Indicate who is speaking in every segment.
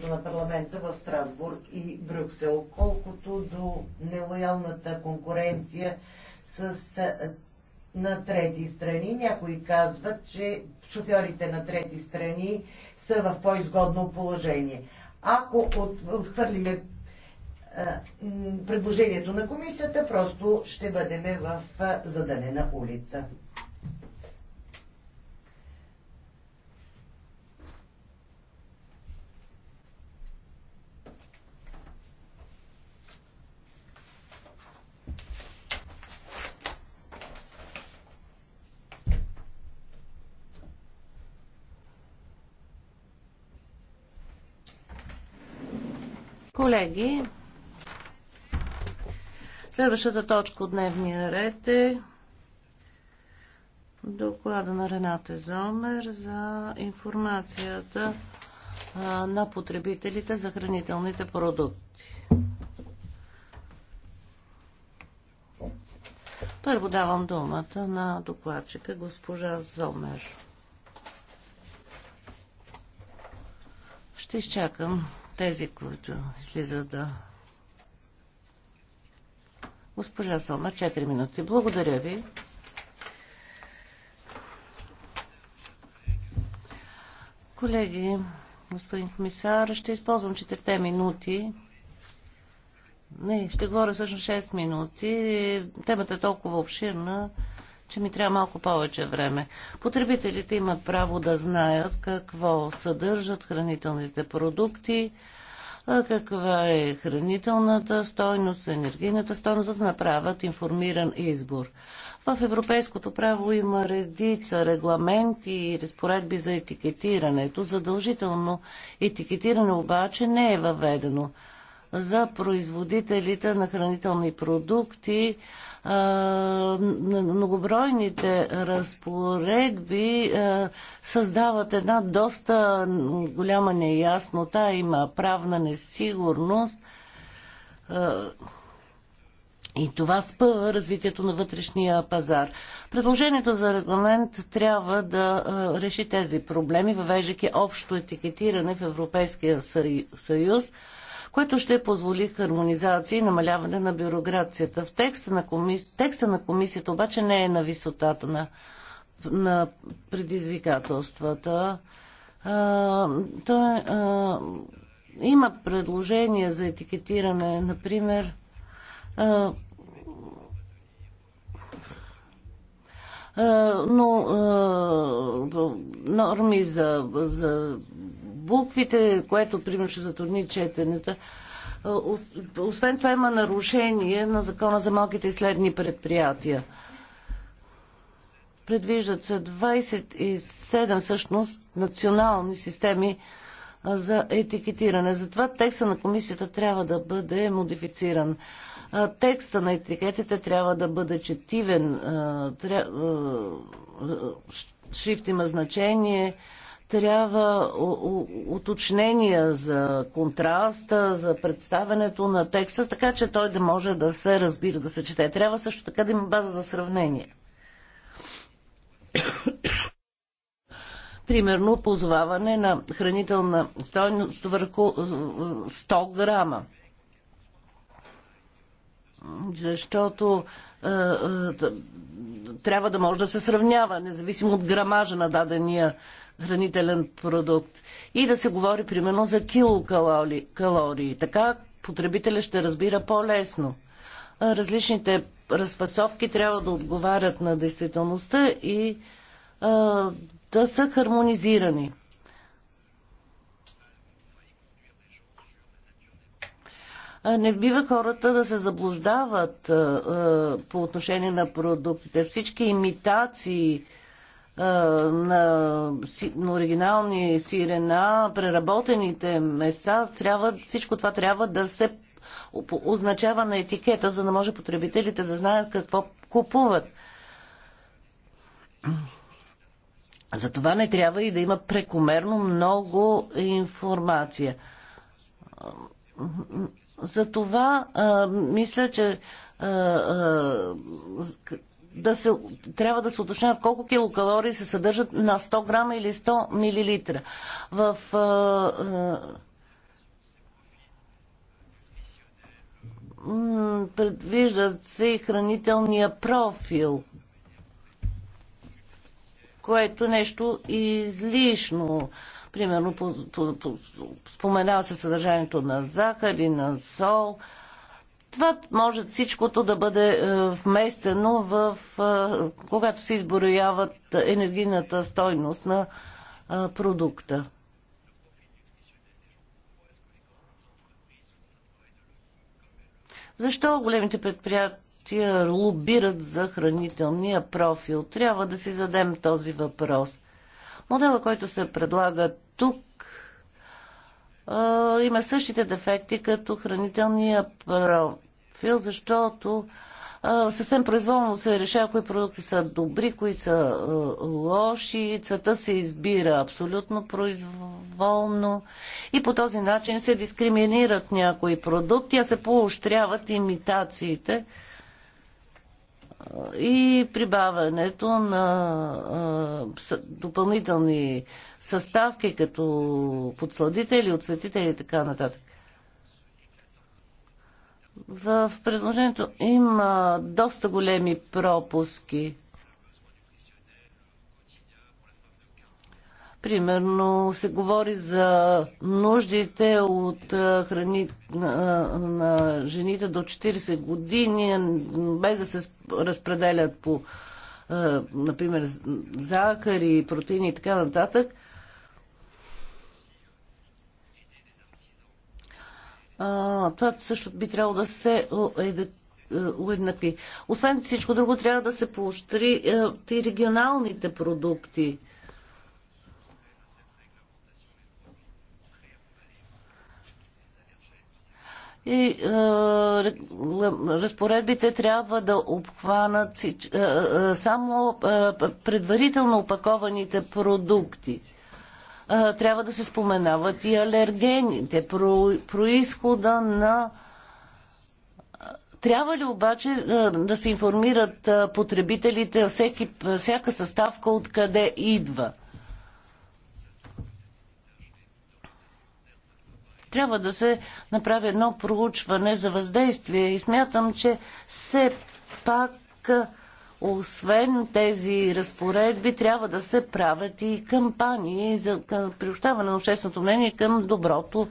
Speaker 1: представител на парламента в Страсбург и Брюксел. Колкото до нелоялната конкуренция с на трети страни. Някои казват, че шофьорите на трети страни са в по-изгодно положение. Ако отхвърлиме предложението на комисията, просто ще бъдем в задънена улица.
Speaker 2: колеги, следващата точка от дневния ред е доклада на Рената Зомер за информацията на потребителите за хранителните продукти. Първо давам думата на докладчика госпожа Зомер. Ще изчакам тези, които слизат да... Госпожа Салма, 4 минути. Благодаря ви. Колеги, господин комисар, ще използвам 4 минути. Не, ще говоря всъщност 6 минути. Темата е толкова обширна че ми трябва малко повече време. Потребителите имат право да знаят какво съдържат хранителните продукти, каква е хранителната стойност, енергийната стойност, за да направят информиран избор. В европейското право има редица регламенти и разпоредби за етикетирането. Задължително етикетиране обаче не е въведено за производителите на хранителни продукти. Многобройните разпоредби създават една доста голяма неяснота, има правна несигурност и това спъва развитието на вътрешния пазар. Предложението за регламент трябва да реши тези проблеми, въвеждайки общо етикетиране в Европейския съюз което ще позволи хармонизация и намаляване на бюрокрацията. В текста на, комис... текста на комисията обаче не е на висотата на, на предизвикателствата. А, е, а, има предложения за етикетиране, например, а, но норми за, за буквите, което примерно ще затрудни четенето. Е, освен това има нарушение на закона за малките и следни предприятия. Предвиждат се 27 всъщност национални системи за етикетиране. Затова текста на комисията трябва да бъде модифициран. Текста на етикетите трябва да бъде четивен, шрифт има значение, трябва уточнения за контраста, за представенето на текста, така че той да може да се разбира, да се чете. Трябва също така да има база за сравнение. Примерно, позоваване на хранителна стойност върху 100 е, грама. Защото е, е, трябва да може да се сравнява, независимо от грамажа на дадения хранителен продукт и да се говори примерно за килокалории. Така потребителя ще разбира по-лесно. Различните разпасовки трябва да отговарят на действителността и а, да са хармонизирани. не бива хората да се заблуждават а, а, по отношение на продуктите. Всички имитации на, на оригинални сирена, преработените меса, трябва, всичко това трябва да се означава на етикета, за да може потребителите да знаят какво купуват. Затова не трябва и да има прекомерно много информация. За а, мисля, че да се, трябва да се уточняват колко килокалории се съдържат на 100 грама или 100 милилитра. В а, а, предвиждат се и хранителния профил, което е нещо излишно. Примерно по, по, по, споменава се съдържанието на захар и на сол. А, това може всичкото да бъде е, вместено в, е, когато се изброяват енергийната стойност на е, продукта. Защо големите предприятия лобират за хранителния профил? Трябва да си задем този въпрос. Модела, който се предлага тук, има същите дефекти като хранителния профил, защото а, съвсем произволно се решава кои продукти са добри, кои са а, лоши, цвета се избира абсолютно произволно и по този начин се дискриминират някои продукти, а се поощряват имитациите и прибавянето на допълнителни съставки, като подсладители, отсветители и така нататък. В предложението има доста големи пропуски. Примерно се говори за нуждите от храни на, на жените до 40 години, без да се разпределят по, например, захар и протеини и така нататък. това също би трябвало да се е, уеднакви. Освен всичко друго, трябва да се поощри е, и регионалните продукти – и е, разпоредбите трябва да обхванат е, е, само е, предварително опакованите продукти. Е, трябва да се споменават и алергените, про, происхода на. Трябва ли обаче е, да се информират е, потребителите всеки, всяка съставка откъде идва? трябва да се направи едно проучване за въздействие и смятам, че все пак освен тези разпоредби, трябва да се правят и кампании за приобщаване на общественото мнение към доброто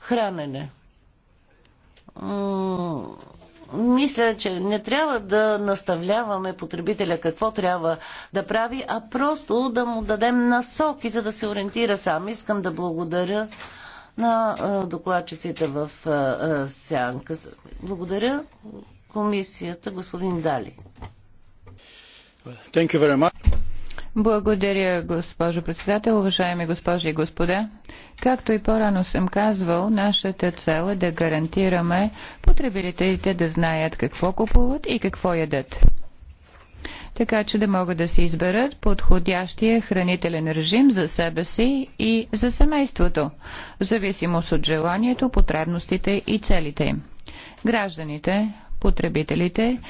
Speaker 2: хранене. Мисля, че не трябва да наставляваме потребителя какво трябва да прави, а просто да му дадем насоки, за да се ориентира сам. Искам да благодаря на докладчиците в сянка. Благодаря комисията, господин Дали.
Speaker 3: Thank you very much.
Speaker 2: Благодаря,
Speaker 3: госпожо председател, уважаеми госпожи и господа. Както и по-рано съм казвал, нашата цел е да гарантираме потребителите да знаят какво купуват и какво ядат така че да могат да се изберат подходящия хранителен режим за себе си и за семейството, в зависимост от желанието, потребностите и целите им. Гражданите, потребителите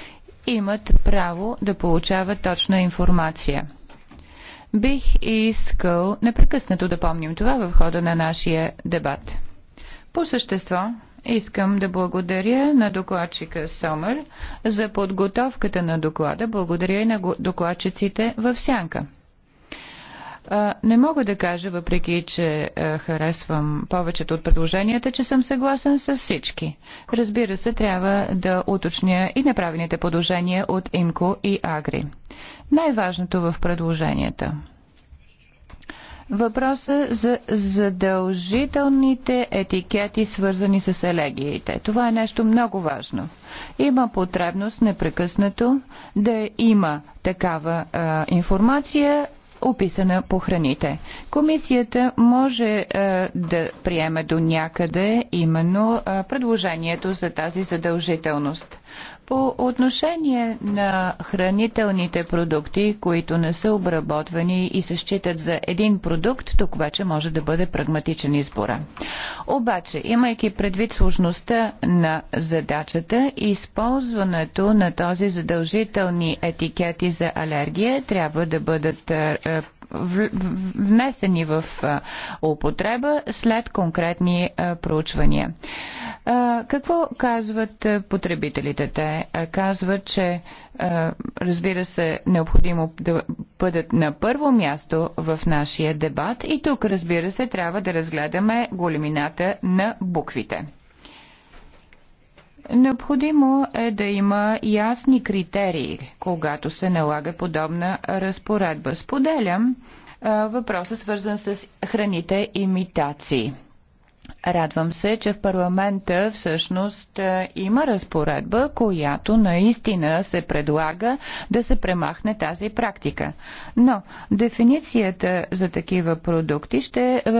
Speaker 3: имат право да получават точна информация. Бих искал непрекъснато да помним това в хода на нашия дебат. По същество, Искам да благодаря на докладчика Сомер за подготовката на доклада. Благодаря и на докладчиците в Сянка. Не мога да кажа, въпреки че харесвам повечето от предложенията, че съм съгласен с всички. Разбира се, трябва да уточня и направените предложения от Имко и Агри. Най-важното в предложенията – въпроса за задължителните етикети, свързани с елегиите. Това е нещо много важно. Има потребност непрекъснато да има такава а, информация описана по храните. Комисията може а, да приеме до някъде именно а, предложението за тази задължителност. По отношение на хранителните продукти, които не са обработвани и се считат за един продукт, тук вече може да бъде прагматичен избора. Обаче, имайки предвид сложността на задачата, използването на този задължителни етикети за алергия трябва да бъдат е, е, внесени в е, употреба след конкретни проучвания. Какво казват е, потребителите? Те е, казват, че е, разбира се, необходимо да бъдат на първо място в нашия дебат и тук, разбира се, трябва да разгледаме големината на буквите. Необходимо е да има ясни критерии, когато се налага подобна разпоредба. Споделям въпроса, свързан с храните имитации. Радвам се, че в парламента всъщност е, има разпоредба, която наистина се предлага да се премахне тази практика. Но дефиницията за такива продукти ще е,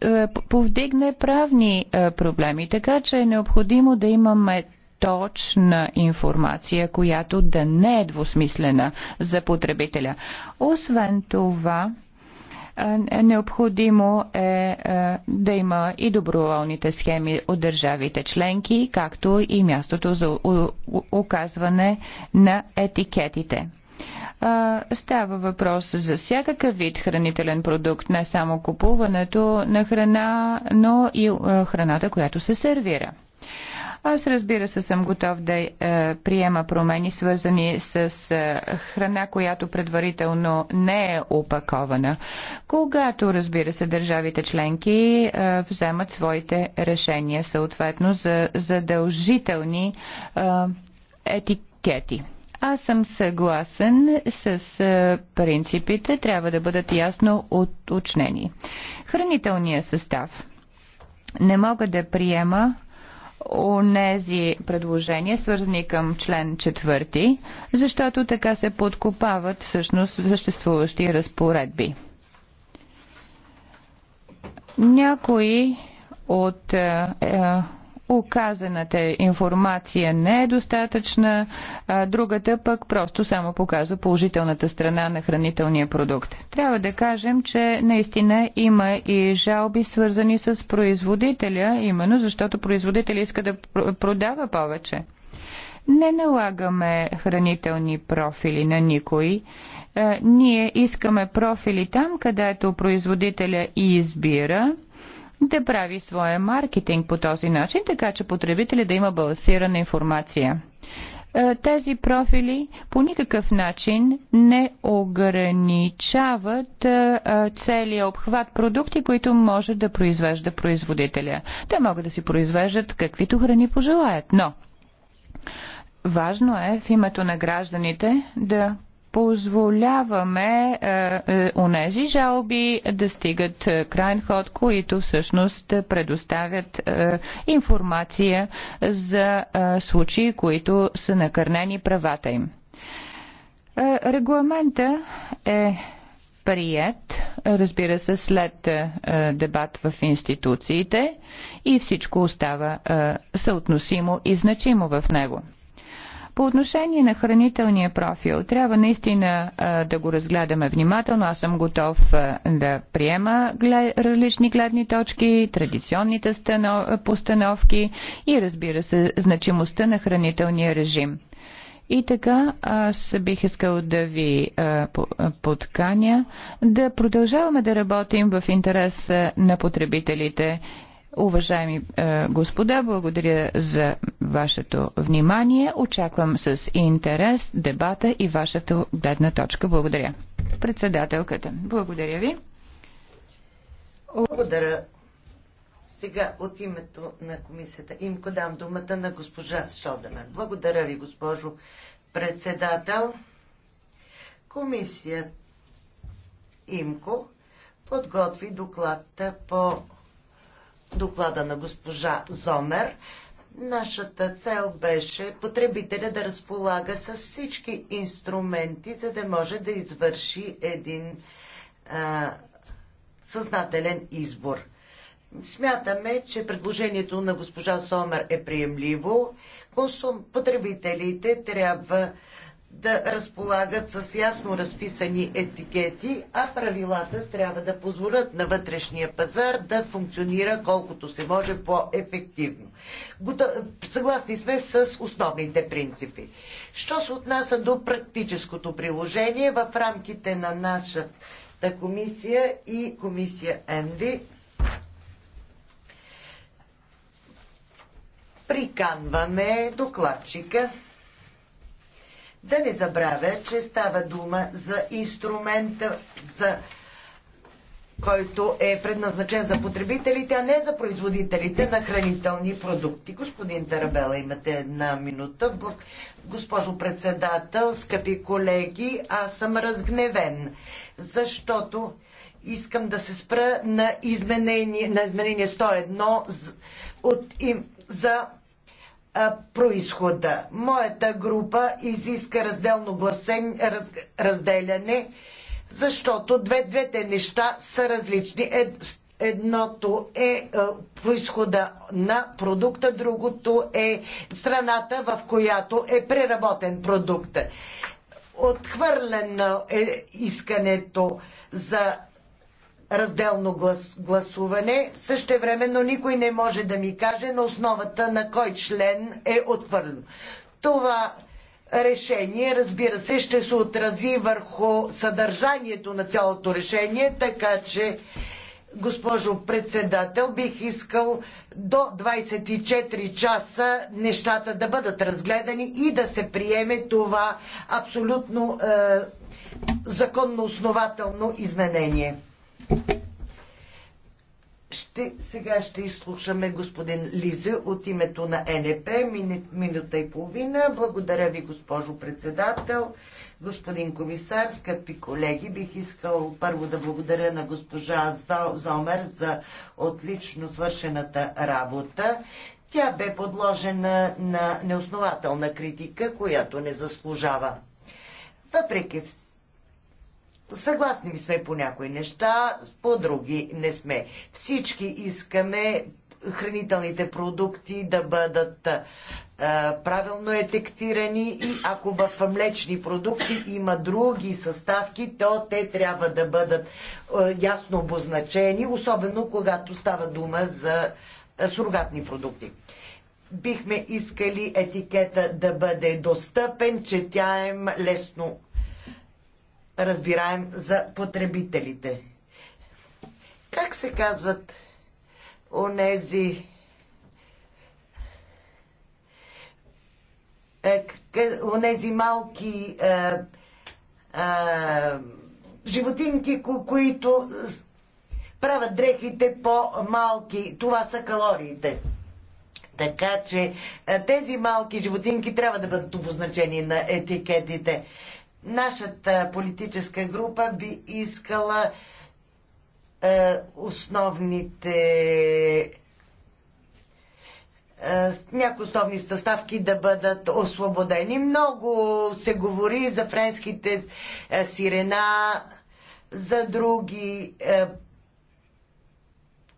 Speaker 3: е, повдигне правни проблеми, така че е необходимо да имаме точна информация, която да не е двусмислена за потребителя. Освен това, е, е, необходимо е, е да има и доброволните схеми от държавите членки, както и мястото за оказване на етикетите става въпрос за всякакъв вид хранителен продукт, не само купуването на храна, но и храната, която се сервира. Аз разбира се съм готов да е, приема промени, свързани с е, храна, която предварително не е опакована, когато, разбира се, държавите членки е, вземат своите решения, съответно за задължителни е, етикети. Аз съм съгласен с е, принципите, трябва да бъдат ясно уточнени. Хранителният състав. Не мога да приема онези предложения, свързани към член 4, защото така се подкопават всъщност съществуващи разпоредби. Някои от е, е Указаната информация не е достатъчна, а другата пък просто само показва положителната страна на хранителния продукт. Трябва да кажем, че наистина има и жалби свързани с производителя, именно защото производителя иска да продава повече. Не налагаме хранителни профили на никой е, ние искаме профили там, където производителя избира да прави своя маркетинг по този начин, така че потребители да има балансирана информация е, тези профили по никакъв начин не ограничават е, е, целият обхват продукти, които може да произвежда производителя. Те могат да си произвеждат каквито храни пожелаят, но важно е в името на гражданите да позволяваме онези е, е, жалби да стигат е, крайен ход, които всъщност предоставят е, информация за е, случаи, които са накърнени правата им. Регламента е прият, разбира се, след дебат в институциите и всичко остава съотносимо и значимо в него. По отношение на хранителния профил, трябва наистина да го разгледаме внимателно. Аз съм готов да приема различни гледни точки, традиционните постановки и разбира се значимостта на хранителния режим. И така, аз бих искал да ви подканя да продължаваме да работим в интерес на потребителите Уважаеми е, господа, благодаря за вашето внимание. Очаквам с интерес дебата и вашата гледна точка. Благодаря. Председателката, благодаря
Speaker 1: ви. Благодаря. Сега от името на комисията Имко дам думата на госпожа Шодемер. Благодаря ви, госпожо председател. Комисията Имко подготви доклада по доклада на госпожа Зомер. Нашата цел беше потребителя да разполага с всички инструменти, за да може да извърши един а, съзнателен избор. Смятаме, че предложението на госпожа Сомер е приемливо. Потребителите трябва да разполагат с ясно разписани етикети, а правилата трябва да позволят на вътрешния пазар да функционира колкото се може по-ефективно. Съгласни сме с основните принципи. Що се отнася до практическото приложение в рамките на нашата комисия и комисия ЕНВИ, приканваме докладчика да не забравя, че става дума за инструмента, за който е предназначен за потребителите, а не за производителите на хранителни продукти. Господин Тарабела, имате една минута. Госпожо председател, скъпи колеги, аз съм разгневен, защото искам да се спра на изменение, на изменение 101 от им, за происхода. Моята група изиска разделно гласен, раз, разделяне, защото две, двете неща са различни. Ед, едното е, е происхода на продукта, другото е страната, в която е преработен продукта. Отхвърлено е искането за разделно глас, гласуване. Същевременно никой не може да ми каже на основата на кой член е отхвърлено. Това решение, разбира се, ще се отрази върху съдържанието на цялото решение, така че, госпожо председател, бих искал до 24 часа нещата да бъдат разгледани и да се приеме това абсолютно е, законно основателно изменение. Ще, сега ще изслушаме господин Лизе от името на НП, минута и половина. Благодаря ви, госпожо председател, господин комисар, скъпи колеги. Бих искал първо да благодаря на госпожа Зомер за отлично свършената работа. Тя бе подложена на неоснователна критика, която не заслужава. Въпреки всичко, Съгласни ви сме по някои неща, по други не сме. Всички искаме хранителните продукти да бъдат а, правилно етектирани и ако в млечни продукти има други съставки, то те трябва да бъдат а, ясно обозначени, особено когато става дума за а, сурогатни продукти. Бихме искали етикета да бъде достъпен, четяем, лесно разбираем за потребителите. Как се казват онези е, онези малки а, е, а, е, животинки, които правят дрехите по-малки. Това са калориите. Така че тези малки животинки трябва да бъдат обозначени на етикетите. Нашата политическа група би искала е, основните е, някои основни съставки да бъдат освободени. Много се говори за френските е, сирена, за други е,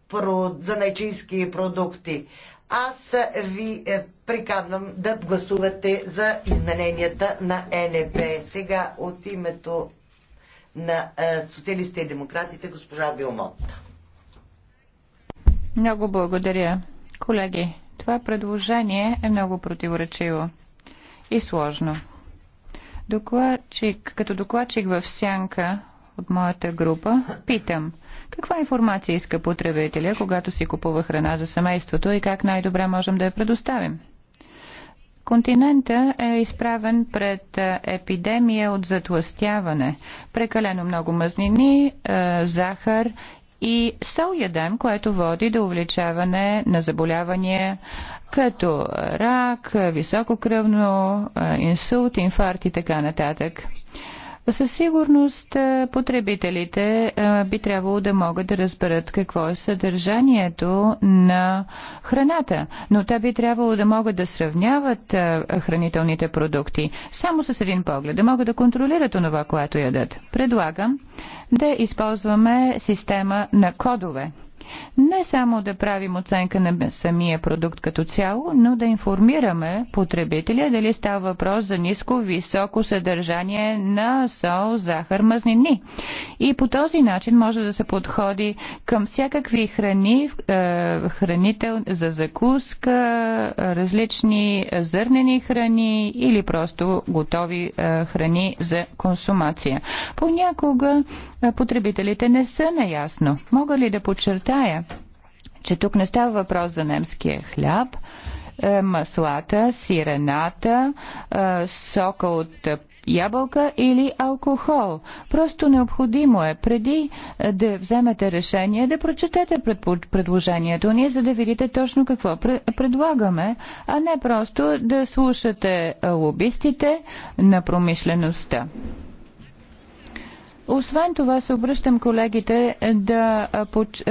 Speaker 1: про, за найчински продукти аз ви е, приканвам да гласувате за измененията на НП. Сега от името на е, социалистите и демократите госпожа Билмот.
Speaker 3: Много благодаря. Колеги, това предложение е много противоречиво и сложно. Докладчик, като докладчик в сянка от моята група, питам – каква информация иска потребителя, когато си купува храна за семейството и как най-добре можем да я предоставим? Континента е изправен пред е, епидемия от затластяване. Прекалено много мазнини, е, захар и сол ядем, което води до увеличаване на заболявания като рак, високо кръвно, е, инсулт, инфаркт и така нататък. Със сигурност е, потребителите е, би трябвало да могат да разберат какво е съдържанието на храната, но те би трябвало да могат да сравняват е, хранителните продукти само с един поглед, да могат да контролират онова, което ядат. Предлагам да използваме система на кодове не само да правим оценка на самия продукт като цяло, но да информираме потребителя дали става въпрос за ниско-високо съдържание на сол, захар, мазнини. И по този начин може да се подходи към всякакви храни, е, хранител за закуска, различни зърнени храни или просто готови е, храни за консумация. Понякога потребителите не са наясно. Мога ли да подчертая, че тук не става въпрос за немския хляб, е, маслата, сирената, е, сока от ябълка или алкохол. Просто необходимо е преди е, да вземете решение да прочетете предложението ни, за да видите точно какво предлагаме, а не просто да слушате лобистите на промишлеността. Освен това се обръщам колегите е, да е,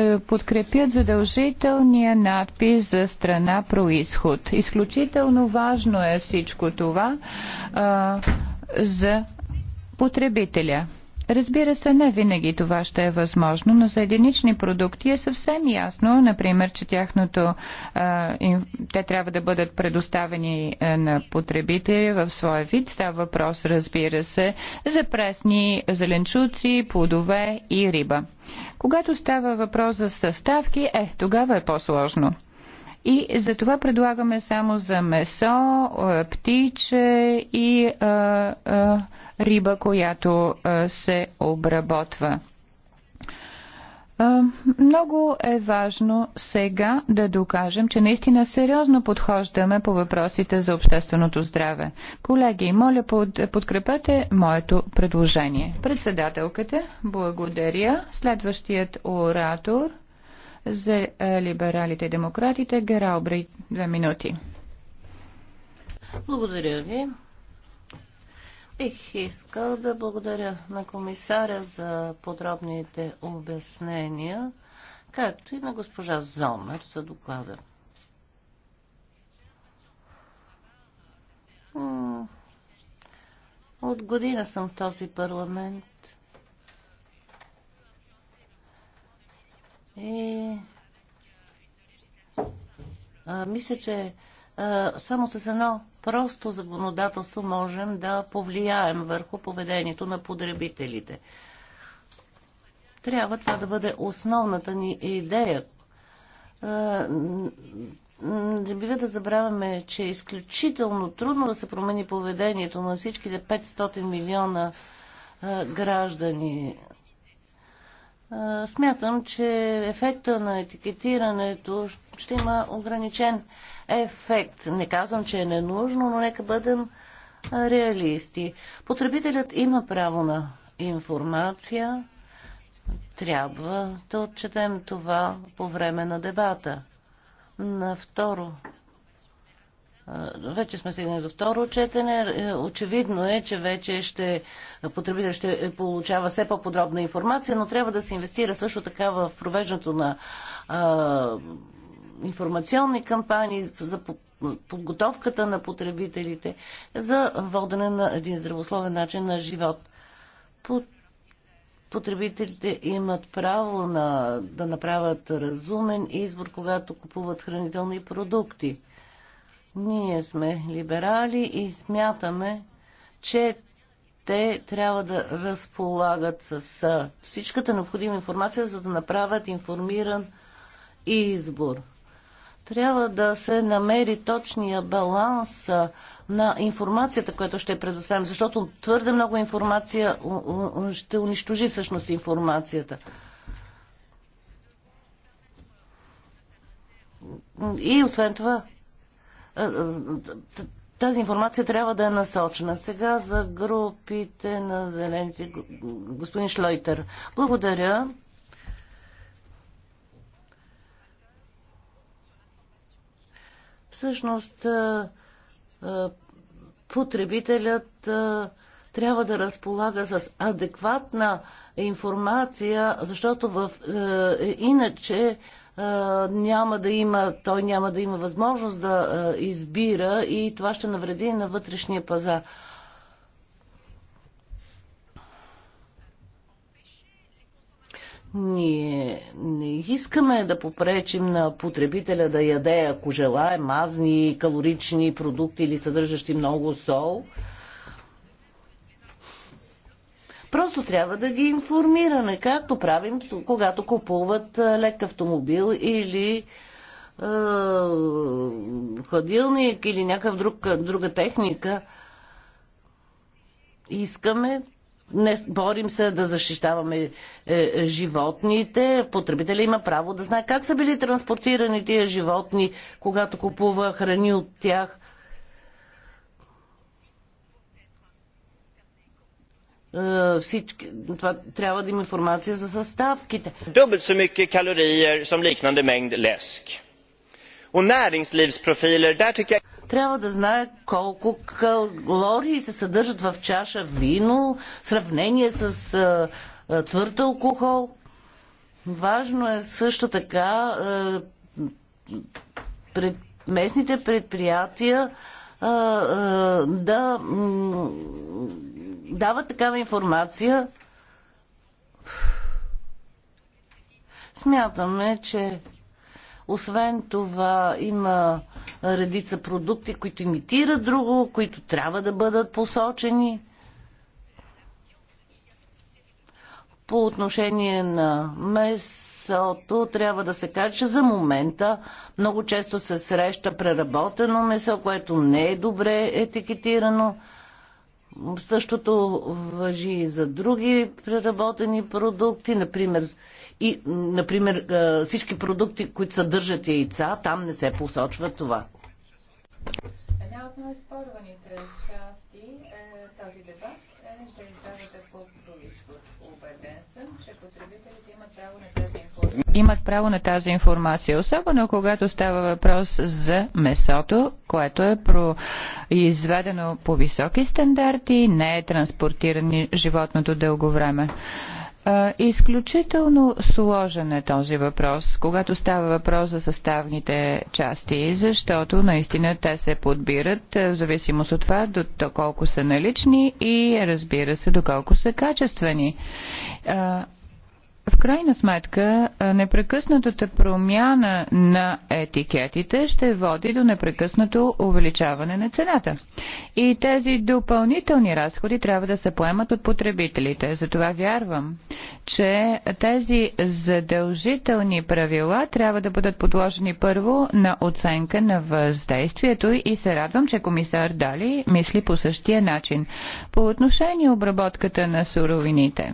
Speaker 3: е, подкрепят задължителния надпис за страна происход. Изключително важно е всичко това а, за потребителя. Разбира се, не винаги това ще е възможно, но за единични продукти е съвсем ясно, например, че тяхното, те трябва да бъдат предоставени е, на потребители в своя вид. Става въпрос, разбира се, за пресни зеленчуци, плодове и риба. Когато става въпрос за съставки, е, тогава е по-сложно. И за това предлагаме само за месо, е, птиче и а, е, а, риба, която се обработва. Много е важно сега да докажем, че наистина сериозно подхождаме по въпросите за общественото здраве. Колеги, моля подкрепете моето предложение. Председателката, благодаря. Следващият оратор за либералите и демократите, Гералбрейт, две минути.
Speaker 2: Благодаря ви. Бих искал да благодаря на комисаря за подробните обяснения, както и на госпожа Зомер за доклада. От година съм в този парламент и а, мисля, че а, само с едно просто законодателство можем да повлияем върху поведението на потребителите. Трябва това да бъде основната ни идея. Не бива да забравяме, че е изключително трудно да се промени поведението на всичките 500 милиона граждани смятам, че ефекта на етикетирането ще има ограничен ефект. Не казвам, че е ненужно, но нека бъдем реалисти. Потребителят има право на информация. Трябва да отчетем това по време на дебата. На второ вече сме стигнали до второ четене. Е, очевидно е, че вече ще потребител ще получава все по-подробна информация, но трябва да се инвестира също така в провеждането на а, информационни кампании за подготовката на потребителите за водене на един здравословен начин на живот. Потребителите имат право на, да направят разумен избор, когато купуват хранителни продукти ние сме либерали и смятаме, че те трябва да разполагат с всичката необходима информация, за да направят информиран избор. Трябва да се намери точния баланс на информацията, която ще предоставим, защото твърде много информация ще унищожи всъщност информацията. И освен това, е, е, тази информация трябва да е насочена. Сега за групите на зелените. Господин Шлойтер, благодаря. Всъщност, е, потребителят трябва да разполага с адекватна информация, защото в, иначе няма да има, той няма да има възможност да избира и това ще навреди на вътрешния пазар. Ние не искаме да попречим на потребителя да яде, ако желае, мазни, калорични продукти или съдържащи много сол – Просто трябва да ги информираме, както правим, когато купуват лек автомобил или е, хладилник или някакъв друг, друга техника. Искаме не борим се да защищаваме е, животните. Потребителя има право да знае как са били транспортирани тия животни, когато купува храни от тях. Е, всички, това трябва да има информация за съставките. Dubbelt så mycket kalorier som liknande mängd läsk. Och näringslivsprofiler, där tycker jag трябва да знае колко калории се съдържат в чаша вино, в сравнение с е, е, твърд алкохол. Важно е също така пред, местните предприятия да Дава такава информация, смятаме, че освен това има редица продукти, които имитират друго, които трябва да бъдат посочени. По отношение на месото, трябва да се каже, че за момента много често се среща преработено месо, което не е добре етикетирано. Същото въжи и за други преработени продукти, например, и, например всички продукти, които съдържат яйца, там не се посочва това. Една от най-спорваните части е,
Speaker 3: този дебат е държавата по происход. Убеден съм, че потребителите имат право на тази информация, особено когато става въпрос за месото, което е произведено по високи стандарти, не е транспортирано животното дълго време. Изключително сложен е този въпрос, когато става въпрос за съставните части, защото наистина те се подбират в зависимост от това доколко до колко са налични и разбира се доколко са качествени в крайна сметка непрекъснатата промяна на етикетите ще води до непрекъснато увеличаване на цената. И тези допълнителни разходи трябва да се поемат от потребителите. Затова вярвам, че тези задължителни правила трябва да бъдат подложени първо на оценка на въздействието и се радвам, че комисар Дали мисли по същия начин. По отношение обработката на суровините.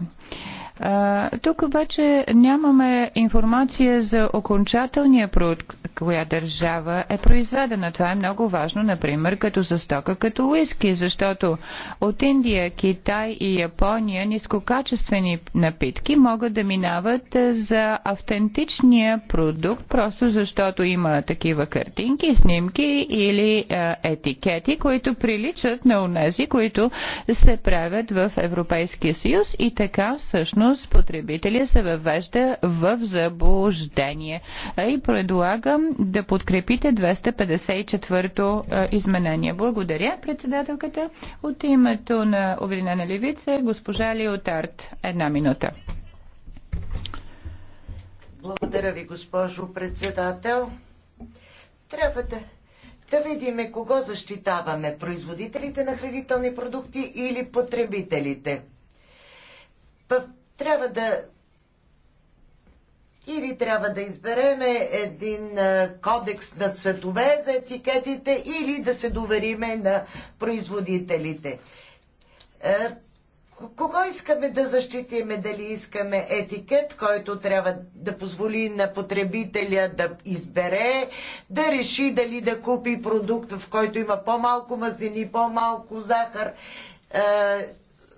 Speaker 3: Тук обаче нямаме информация за окончателния продукт, коя държава е произведена. Това е много важно, например, като за стока, като уиски, защото от Индия, Китай и Япония нискокачествени напитки могат да минават за автентичния продукт, просто защото има такива картинки, снимки или етикети, които приличат на унези, които се правят в Европейския съюз и така всъщност всъщност потребителя се въвежда в заблуждение. И предлагам да подкрепите 254-то изменение. Благодаря, председателката. От името на Обединена левица, госпожа Лиотарт, Една минута.
Speaker 1: Благодаря ви, госпожо председател. Трябва да, да видим кого защитаваме производителите на хранителни продукти или потребителите. В трябва да или трябва да избереме един кодекс на цветове за етикетите, или да се довериме на производителите. Кого искаме да защитиме? Дали искаме етикет, който трябва да позволи на потребителя да избере, да реши дали да купи продукт, в който има по-малко мазнини, по-малко захар,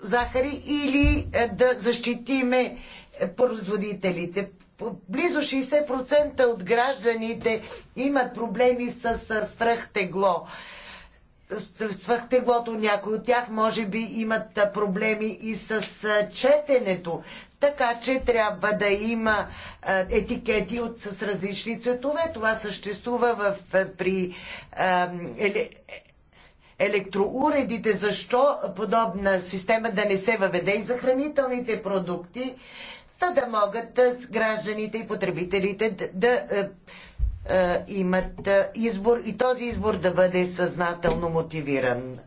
Speaker 1: захари или е, да защитиме е, производителите. Близо 60% от гражданите имат проблеми с свръхтегло. Свръхтеглото някои от тях може би имат е, проблеми и с четенето. Така че трябва да има етикети от, с различни цветове. Това съществува в, при електроуредите, защо подобна система да не се въведе и за хранителните продукти, за да могат гражданите и потребителите да, да е, имат избор и този избор да бъде съзнателно мотивиран.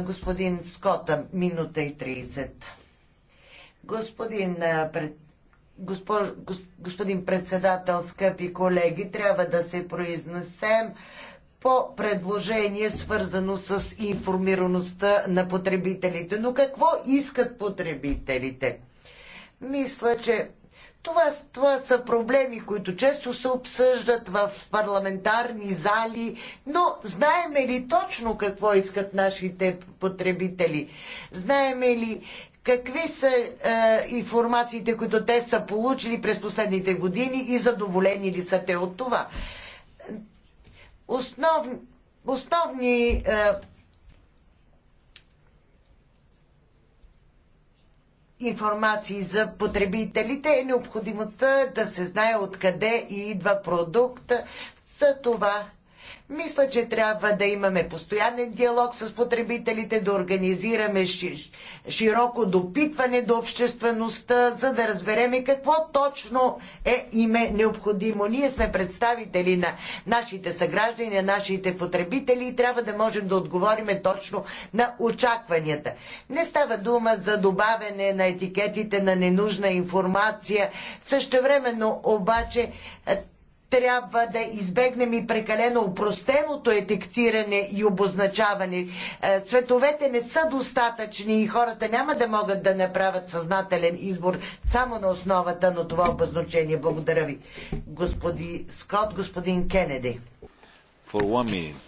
Speaker 1: Господин Скота, минута и 30. Господин пред Госпож, господин председател, скъпи колеги, трябва да се произнесем по предложение, свързано с информираността на потребителите. Но какво искат потребителите? Мисля, че това, това са проблеми, които често се обсъждат в парламентарни зали, но знаеме ли точно какво искат нашите потребители? Знаеме ли какви са е, информациите, които те са получили през последните години и задоволени ли са те от това? основ, основни е, информации за потребителите е необходимостта да се знае откъде идва продукт. За това мисля, че трябва да имаме постоянен диалог с потребителите, да организираме широко допитване до обществеността, за да разбереме какво точно е име необходимо. Ние сме представители на нашите съграждани, на нашите потребители и трябва да можем да отговориме точно на очакванията. Не става дума за добавяне на етикетите на ненужна информация. Същевременно обаче е, трябва да избегнем и прекалено упростеното етектиране и обозначаване. Е, цветовете не са достатъчни и хората няма да могат да направят съзнателен избор само на основата на това обозначение. Благодаря ви. Господи Скот, господин Кенеди.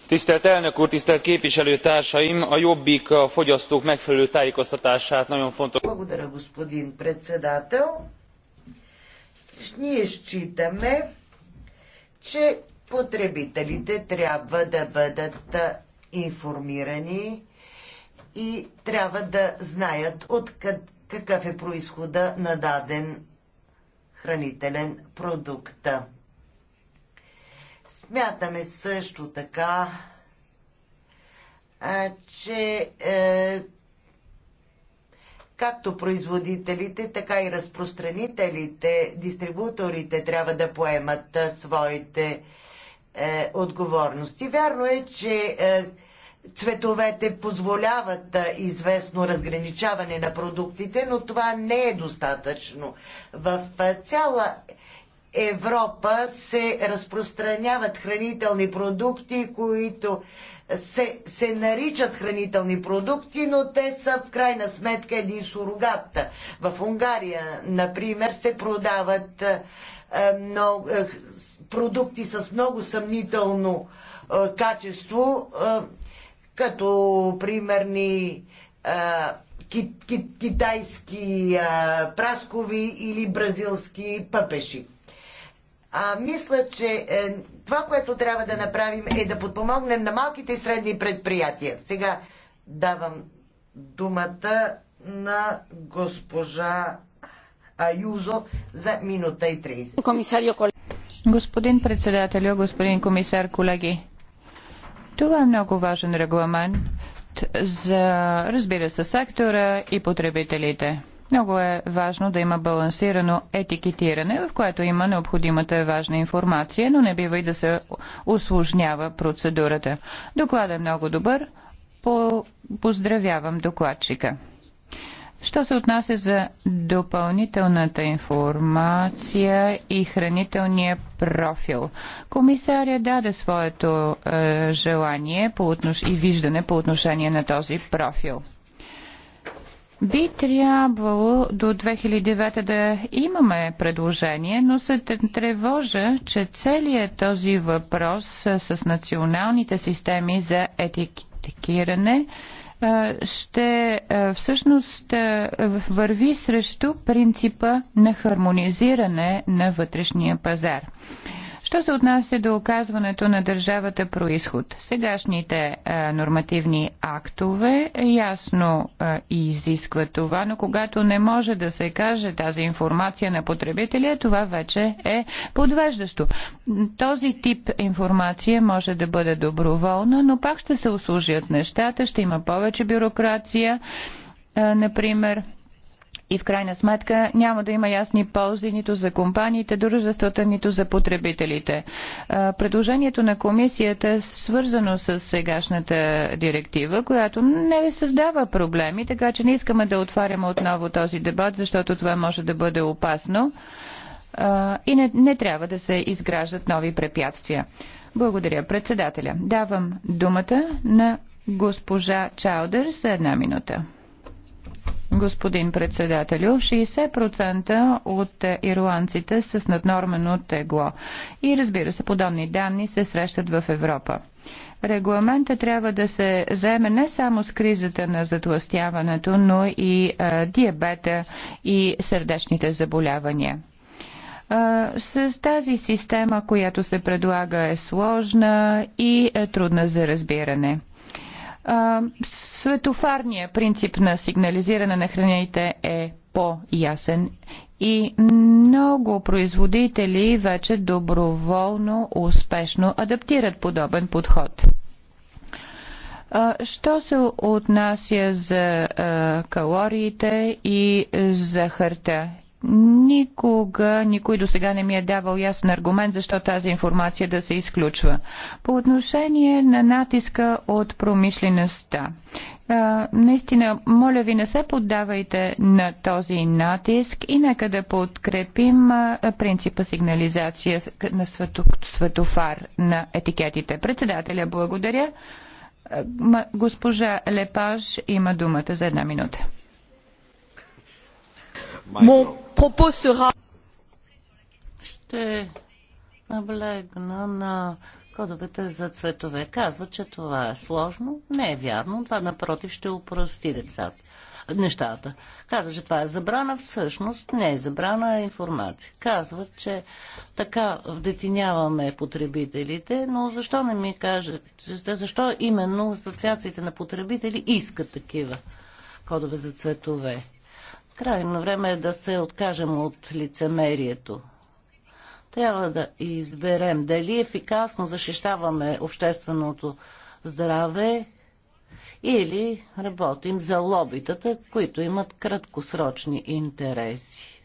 Speaker 1: Tisztelt elnök úr, tisztelt képviselőtársaim! A Jobbik a fogyasztók megfelelő tájékoztatását nagyon fontos. Благодаря, господин председател. Ние считаме, че потребителите трябва да бъдат информирани и трябва да знаят от къд, какъв е происхода на даден хранителен продукт. Смятаме също така, че е, Както производителите, така и разпространителите, дистрибуторите трябва да поемат своите е, отговорности. Вярно е, че е, цветовете позволяват известно разграничаване на продуктите, но това не е достатъчно. В цяла Европа се разпространяват хранителни продукти, които се, се наричат хранителни продукти, но те са в крайна сметка един сурогат. В Унгария, например, се продават е, много, е, продукти с много съмнително е, качество, като примерни китайски праскови или бразилски пъпеши. А, мисля, че е, това, което трябва да направим е да подпомогнем на малките и средни предприятия. Сега давам думата на госпожа Аюзо за минута и 30.
Speaker 3: Господин председател, господин комисар, колеги, това е много важен регламент за, разбира се, сектора и потребителите. Много е важно да има балансирано етикетиране, в което има необходимата важна информация, но не бива и да се усложнява процедурата. Докладът е много добър. По поздравявам докладчика. Що се отнася за допълнителната информация и хранителния профил? Комисаря даде своето е, желание по отнош... и виждане по отношение на този профил. Би трябвало до 2009 да имаме предложение, но се тревожа, че целият този въпрос с националните системи за етикетиране ще всъщност върви срещу принципа на хармонизиране на вътрешния пазар. Що се отнася до оказването на държавата происход? Сегашните е, нормативни актове ясно е, изисква това, но когато не може да се каже тази информация на потребителя, това вече е подвеждащо. Този тип информация може да бъде доброволна, но пак ще се услужат нещата, ще има повече бюрокрация, е, например и в крайна сметка няма да има ясни ползи нито за компаниите, дружествата, нито за потребителите. Предложението на комисията е свързано с сегашната директива, която не създава проблеми, така че не искаме да отваряме отново този дебат, защото това може да бъде опасно и не, не трябва да се изграждат нови препятствия. Благодаря, председателя. Давам думата на госпожа Чаудър за една минута. Господин председателю, 60% от ирландците с наднормено тегло. И разбира се, подобни данни се срещат в Европа. Регламента трябва да се заеме не само с кризата на затластяването, но и а, е, диабета и сърдечните заболявания. А, е, с тази система, която се предлага, е сложна и е трудна за разбиране. Светофарният принцип на сигнализиране на храните е по-ясен и много производители вече доброволно, успешно адаптират подобен подход. Що се отнася за калориите и захарта? Никога никой до сега не ми е давал ясен аргумент, защо тази информация да се изключва. По отношение на натиска от промишлеността. А, наистина, моля ви, не се поддавайте на този натиск и нека да подкрепим а, принципа сигнализация на свето, светофар на етикетите. Председателя, благодаря. Госпожа Лепаж има думата за една минута.
Speaker 2: Mon propos sera... Ще наблегна на кодовете за цветове. Казват, че това е сложно. Не е вярно. Това напротив ще упрости децата. Нещата. Казва, че това е забрана. Всъщност не е забрана, а е информация. Казва, че така вдетиняваме потребителите, но защо не ми кажат? защо именно асоциациите на потребители искат такива кодове за цветове? Крайно време е да се откажем от лицемерието. Трябва да изберем дали ефикасно защищаваме общественото здраве или работим за лобитата, които имат краткосрочни интереси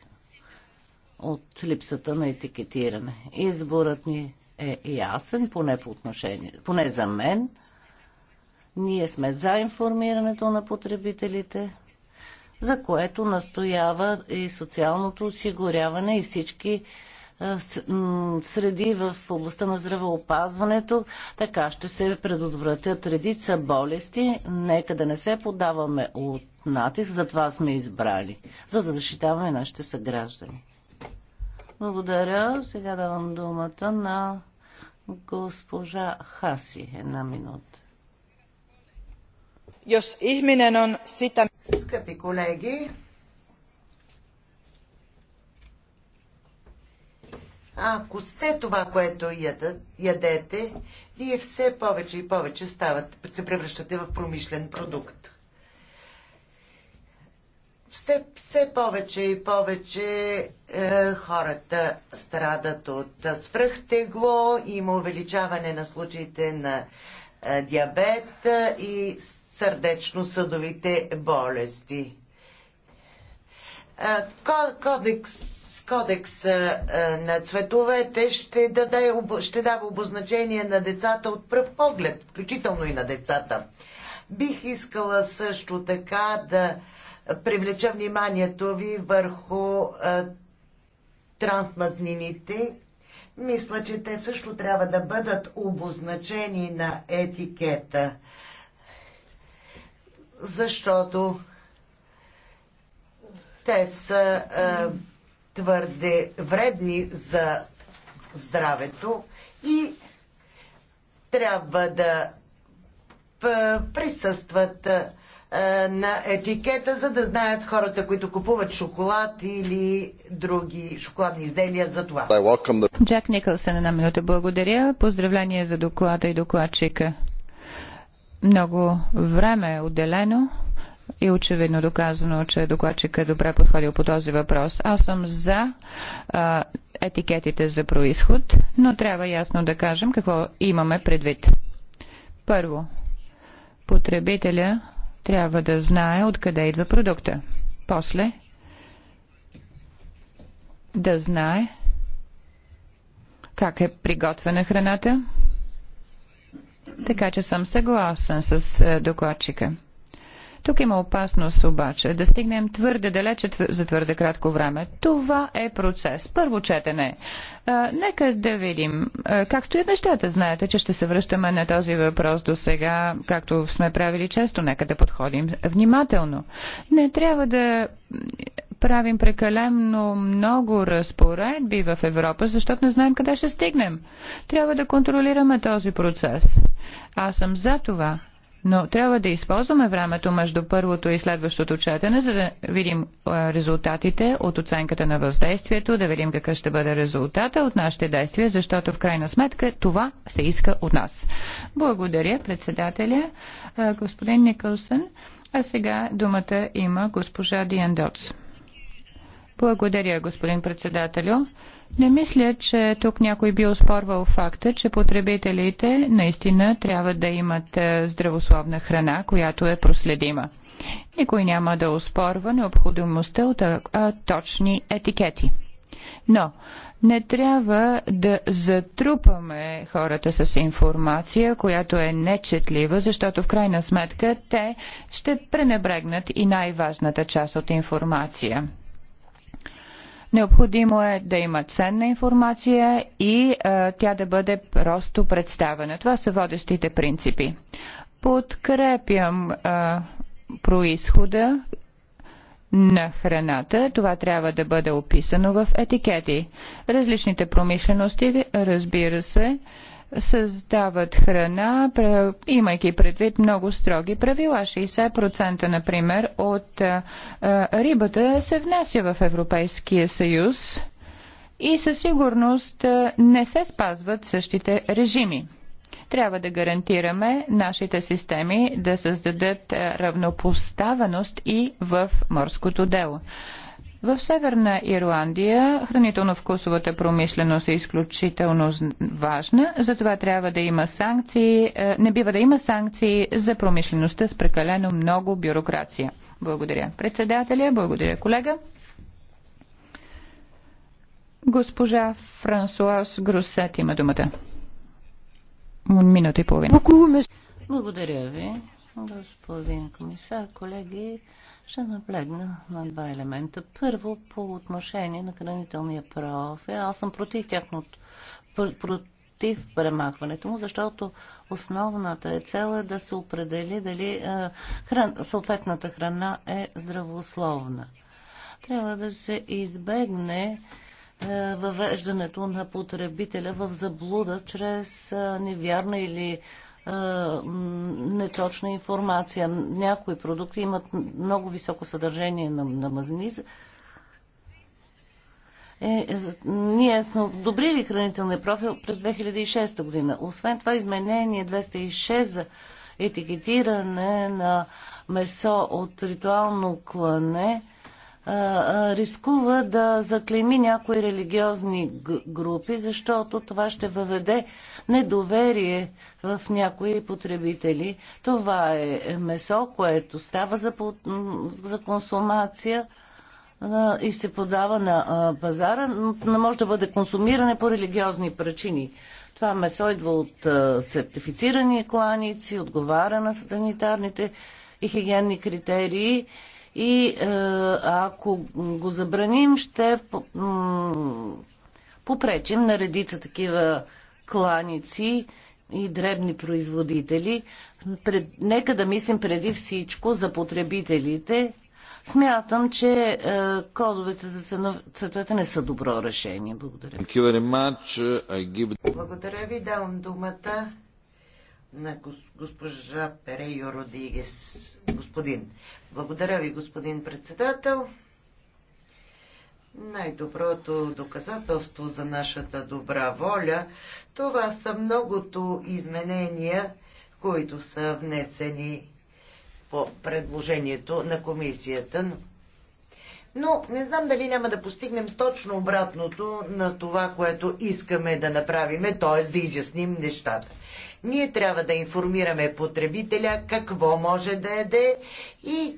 Speaker 2: от липсата на етикетиране. Изборът ни е ясен, поне по отношение, поне за мен. Ние сме за информирането на потребителите, за което настоява и социалното осигуряване и всички е, среди в областта на здравеопазването, така ще се предотвратят редица болести. Нека да не се подаваме от натиск, затова сме избрали, за да защитаваме нашите съграждани. Благодаря. Сега давам думата на госпожа Хаси.
Speaker 1: Една минута jos ihminen on sitä... Скъпи колеги, ако сте това, което ядете, вие все повече и повече се превръщате в промишлен продукт. Все, все повече и повече е, хората страдат от свръхтегло, има увеличаване на случаите на е, диабет е, и сърдечно-съдовите болести. Кодекс Кодекс на цветовете ще, даде, ще дава обозначение на децата от пръв поглед, включително и на децата. Бих искала също така да привлеча вниманието ви върху а, трансмазнините. Мисля, че те също трябва да бъдат обозначени на етикета защото те са а, е, твърде вредни за здравето и трябва да е, присъстват а, е, на етикета, за да знаят хората, които купуват шоколад или други шоколадни изделия за това.
Speaker 3: Джак Никълсън, една минута. Благодаря. Поздравление за доклада и докладчика много време е отделено и очевидно доказано, че докладчика е добре подходил по този въпрос. Аз съм за а, етикетите за происход, но трябва ясно да кажем какво имаме предвид. Първо, потребителя трябва да знае откъде идва продукта. После, да знае как е приготвена храната. Така че съм съгласен с е, докладчика. Тук има опасност обаче да стигнем твърде далече за твърде кратко време. Това е процес. Първо четене. А, нека да видим а, как стоят нещата. Знаете, че ще се връщаме на този въпрос до сега, както сме правили често. Нека да подходим внимателно. Не трябва да правим прекалено много разпоредби в Европа, защото не знаем къде ще стигнем. Трябва да контролираме този процес. Аз съм за това но трябва да използваме времето между първото и следващото четене, за да видим резултатите от оценката на въздействието, да видим какъв ще бъде резултата от нашите действия, защото в крайна сметка това се иска от нас. Благодаря, председателя, господин Никълсън. А сега думата има госпожа Диан Доц. Благодаря, господин председателю. Не мисля, че тук някой би оспорвал факта, че потребителите наистина трябва да имат е, здравословна храна, която е проследима. Никой няма да оспорва необходимостта от а, е, а, точни етикети. Но не трябва да затрупаме хората с информация, която е нечетлива, защото в крайна сметка те ще пренебрегнат и най-важната част от информация. Необходимо е да има ценна информация и а, е, тя да бъде просто представена. Това са водещите принципи. Подкрепям а, е, происхода на храната. Това трябва да бъде описано в етикети. Различните промишлености, разбира се, създават храна, имайки предвид много строги правила. 60% например от рибата се внася в Европейския съюз и със сигурност не се спазват същите режими трябва да гарантираме нашите системи да създадат равнопоставеност и в морското дело. В Северна Ирландия хранително-вкусовата промишленост е изключително важна, затова трябва да има санкции, е, не бива да има санкции за промишлеността с прекалено много бюрокрация. Благодаря председателя, благодаря колега. Госпожа Франсуаз Гросет има думата. Минута и половина.
Speaker 2: Благодаря ви господин комисар, колеги, ще наблегна на два елемента. Първо, по отношение на хранителния профил. Е, аз съм против тяхното против премахването му, защото основната е цел е да се определи дали е, хран, съответната храна е здравословна. Трябва да се избегне е, въвеждането на потребителя в заблуда чрез е, невярна или е, неточна информация. Някои продукти имат много високо съдържание на, на мазниз. Е, е ние сме одобрили хранителния профил през 2006 година. Освен това, изменение 206 за етикетиране на месо от ритуално клане – рискува да заклеми някои религиозни групи, защото това ще въведе недоверие в някои потребители. Това е, е месо, което става за, за консумация и се подава на пазара, но не може да бъде консумиране по религиозни причини. Това месо идва от сертифицирани кланици, отговаря на санитарните и хигиенни критерии и е, ако го забраним, ще попречим на редица такива кланици и дребни производители. Пред, нека да мислим преди всичко за потребителите. Смятам, че е, кодовете за цветовете не са добро решение. Благодаря.
Speaker 1: Благодаря ви. Давам думата на госпожа Перейо Родигес. Господин. Благодаря ви, господин председател. Най-доброто доказателство за нашата добра воля, това са многото изменения, които са внесени по предложението на комисията. Но не знам дали няма да постигнем точно обратното на това, което искаме да направиме, т.е. да изясним нещата. Ние трябва да информираме потребителя какво може да яде и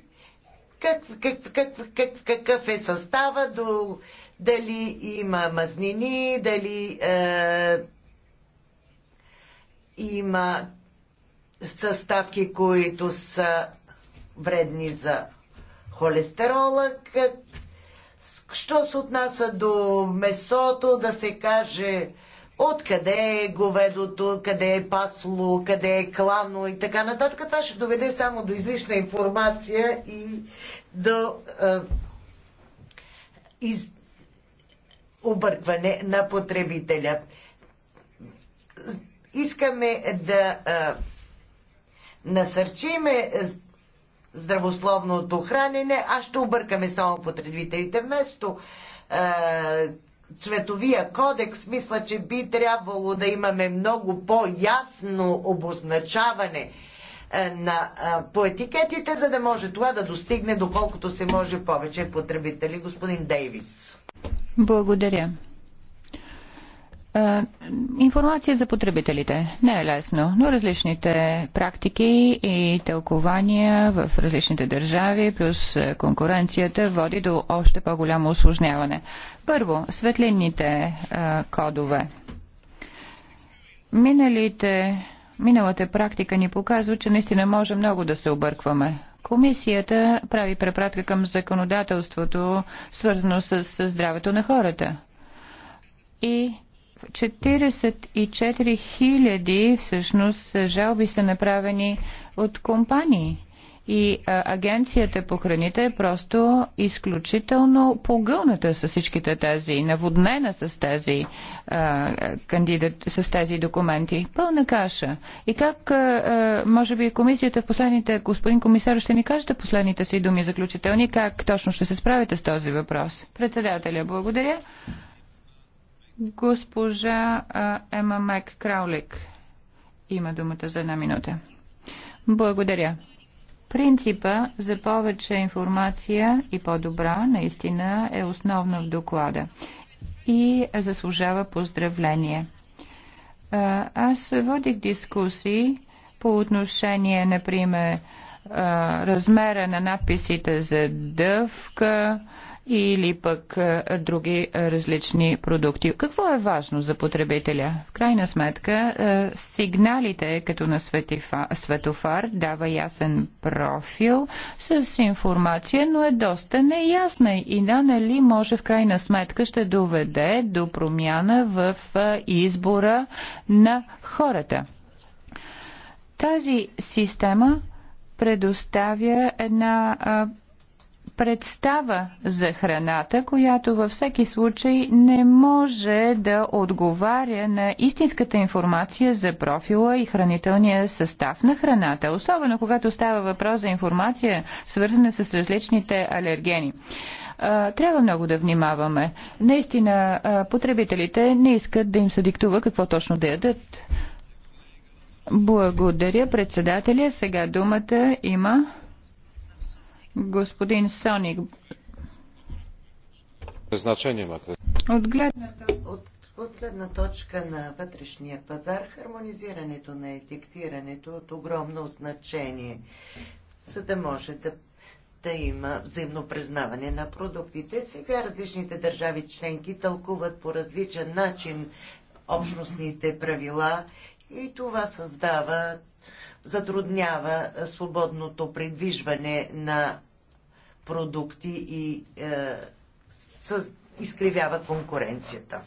Speaker 1: как, как, как, как, какъв е състава, до, дали има мазнини, дали е, има съставки, които са вредни за холестерола, как... що се отнася до месото, да се каже откъде е говедото, къде е пасло, къде е клано и така нататък. Това ще доведе само до излишна информация и до е, из... объркване на потребителя. Искаме да е, насърчиме здравословното хранене, а ще объркаме само потребителите. Вместо е, цветовия кодекс, мисля, че би трябвало да имаме много по-ясно обозначаване е, на, е, по етикетите, за да може това да достигне доколкото се може повече потребители. Господин Дейвис.
Speaker 3: Благодаря. Е, информация за потребителите. Не е лесно, но различните практики и тълкования в различните държави, плюс е, конкуренцията, води до още по-голямо осложняване. Първо, светлинните е, кодове. Миналите, миналата практика ни показва, че наистина може много да се объркваме. Комисията прави препратка към законодателството, свързано с здравето на хората. И 44 хиляди всъщност жалби са направени от компании. И а, агенцията по храните е просто изключително погълната с всичките тези, наводнена с тези, а, кандидат, с тези документи. Пълна каша. И как, а, може би, комисията в последните, господин комисар, ще ни кажете последните си думи заключителни, как точно ще се справите с този въпрос? Председателя, благодаря. Госпожа Ема Мак Краулик има думата за една минута. Благодаря. Принципа за повече информация и по-добра наистина е основна в доклада и заслужава поздравление. Аз водих дискусии по отношение, например, размера на надписите за дъвка, или пък е, други е, различни продукти. Какво е важно за потребителя? В крайна сметка, е, сигналите като на светофар дава ясен профил с информация, но е доста неясна и да, нали може в крайна сметка ще доведе до промяна в избора на хората. Тази система предоставя една а, представа за храната, която във всеки случай не може да отговаря на истинската информация за профила и хранителния състав на храната, особено когато става въпрос за информация, свързана с различните алергени трябва много да внимаваме. Наистина, потребителите не искат да им се диктува какво точно да ядат. Благодаря, председателя. Сега думата има Господин Соник.
Speaker 2: Значение има.
Speaker 3: От
Speaker 1: гледна, от, гледна точка на вътрешния пазар, хармонизирането на етиктирането е от огромно значение, за да може да да има взаимно признаване на продуктите. Сега различните държави членки тълкуват по различен начин общностните правила и това създава, затруднява свободното придвижване на продукти и е, със, изкривява конкуренцията.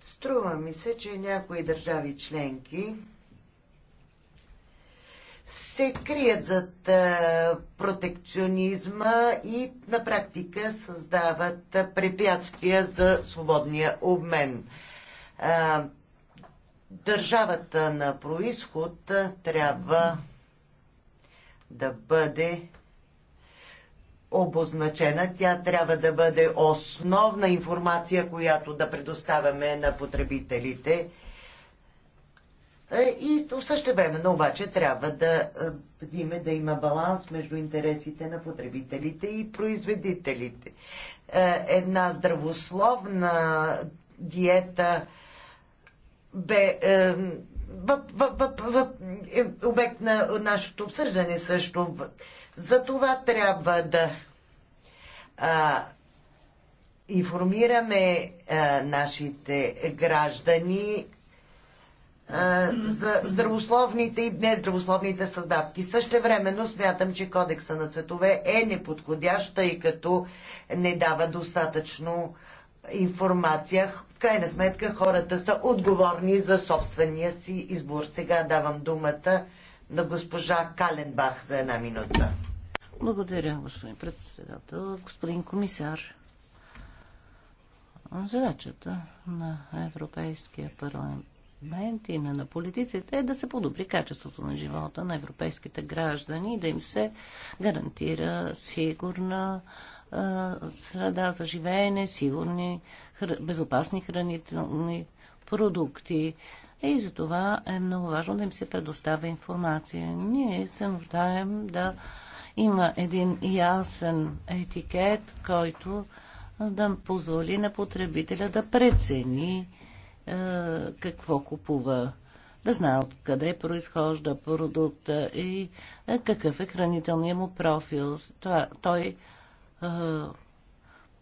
Speaker 1: Струва ми се, че някои държави членки се крият зад е, протекционизма и на практика създават е, препятствия за свободния обмен. Е, държавата на происход трябва да бъде обозначена. Тя трябва да бъде основна информация, която да предоставяме на потребителите. Е, и също но обаче трябва да е, видиме да има баланс между интересите на потребителите и производителите. Е, една здравословна диета бе в в, в, в, е обект на нашето обсъждане също. За това трябва да а, информираме а, нашите граждани а, за здравословните и нездравословните Също времено смятам, че кодекса на цветове е неподходящ, тъй като не дава достатъчно информация. В крайна сметка хората са отговорни за собствения си избор. Сега давам думата на госпожа Каленбах за една минута.
Speaker 2: Благодаря, господин председател. Господин комисар, задачата на Европейския парламент и на, на политиците е да се подобри качеството на живота на европейските граждани и да им се гарантира сигурна среда за живеене, сигурни, безопасни хранителни продукти. И за това е много важно да им се предоставя информация. Ние се нуждаем да има един ясен етикет, който да позволи на потребителя да прецени е, какво купува, да знае откъде произхожда продукта и е, какъв е хранителният му профил. Това, той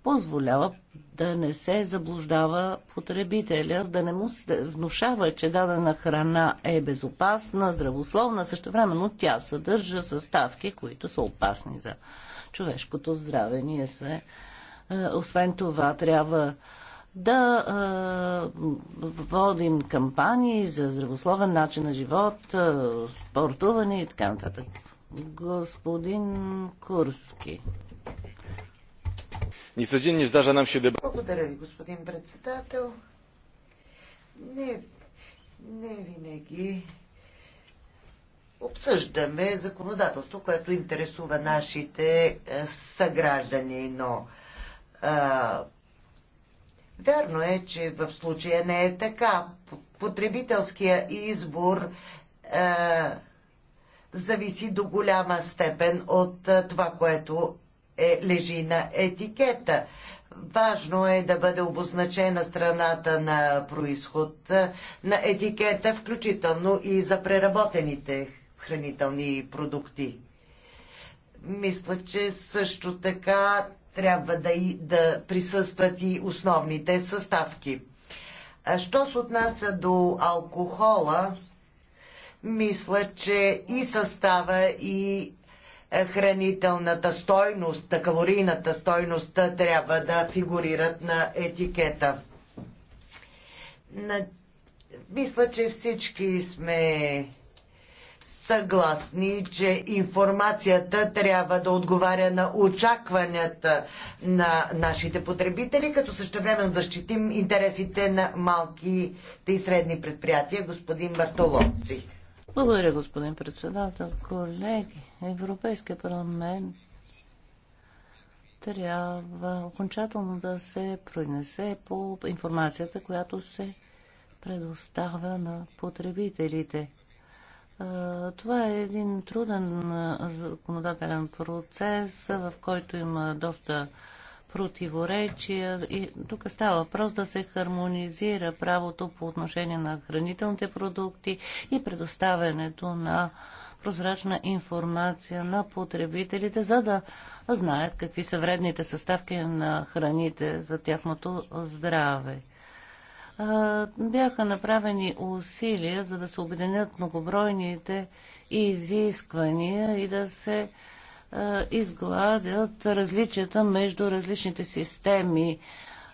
Speaker 2: позволява да не се заблуждава потребителя, да не му внушава, че дадена храна е безопасна, здравословна, също но тя съдържа съставки, които са опасни за човешкото здраве. Ние се, освен това, трябва да водим кампании за здравословен начин на живот, спортуване и така нататък. Господин Курски.
Speaker 1: Niecodziennie здажа нам ще дебатираме. Благодаря ви, господин председател. Не, не винаги обсъждаме законодателство, което интересува нашите е, съграждани, но а, вярно е, че в случая не е така. Потребителския избор а, е, зависи до голяма степен от е, това, което е, лежи на етикета. Важно е да бъде обозначена страната на происход е, на етикета, включително и за преработените хранителни продукти. Мисля, че също така трябва да, и, да присъстват и основните съставки. Що се отнася до алкохола, мисля, че и състава, и хранителната стойност, калорийната стойност трябва да фигурират на етикета. На... Мисля, че всички сме съгласни, че информацията трябва да отговаря на очакванията на нашите потребители, като време защитим интересите на малките и средни предприятия, господин Бартоловци.
Speaker 2: Благодаря, господин председател. Колеги, Европейския парламент трябва окончателно да се произнесе по информацията, която се предоставя на потребителите. Това е един труден законодателен процес, в който има доста противоречия. И тук става въпрос да се хармонизира правото по отношение на хранителните продукти и предоставянето на прозрачна информация на потребителите, за да знаят какви са вредните съставки на храните за тяхното здраве. Бяха направени усилия за да се обединят многобройните изисквания и да се е, изгладят различията между различните системи е,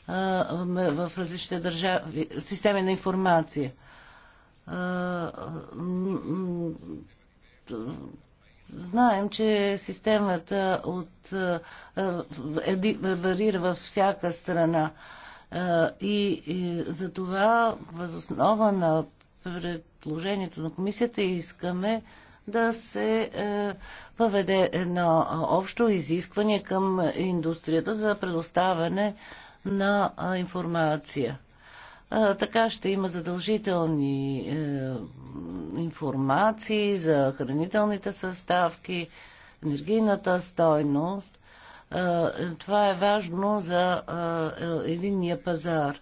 Speaker 2: в различните държави, системи на информация. Е, знаем, че системата от, е, варира във всяка страна. И, и за това, възоснова на предложението на комисията, искаме да се е, въведе едно общо изискване към индустрията за предоставяне на информация. Така ще има задължителни е, информации за хранителните съставки, енергийната стойност. Е, това е важно за единния пазар.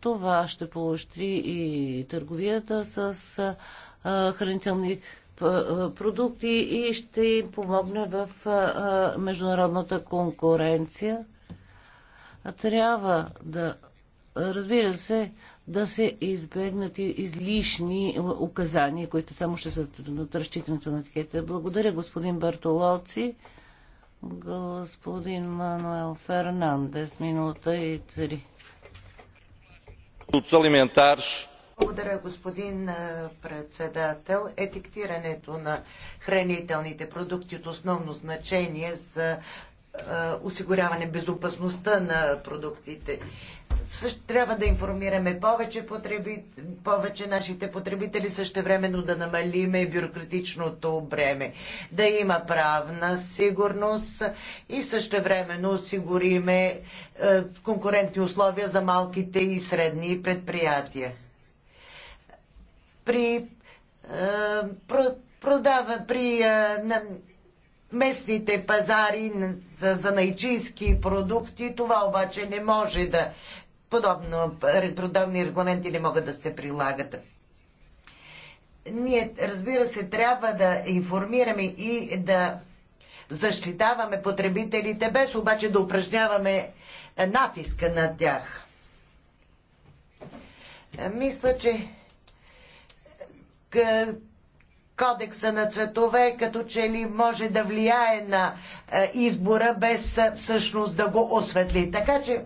Speaker 2: Това ще поощри и търговията с хранителни продукти и ще им помогне в международната конкуренция. Трябва да, разбира се, да се избегнат излишни указания, които само ще са на разчитането на етикета. Благодаря, господин Бартолоци. Господин Мануел Фернандес, минута и три.
Speaker 1: От благодаря, господин председател. Етиктирането на хранителните продукти от основно значение за осигуряване безопасността на продуктите. Също трябва да информираме повече, потреби, повече нашите потребители, също времено да намалиме бюрократичното бреме, да има правна сигурност и също времено осигуриме е, конкурентни условия за малките и средни предприятия при е, продава при е, на местните пазари за, за продукти. Това обаче не може да. Подобно, подобни регламенти не могат да се прилагат. Ние, разбира се, трябва да информираме и да защитаваме потребителите, без обаче да упражняваме натиска на тях. Мисля, че кодекса на цветове, като че ли може да влияе на е, избора, без е, всъщност да го осветли. Така че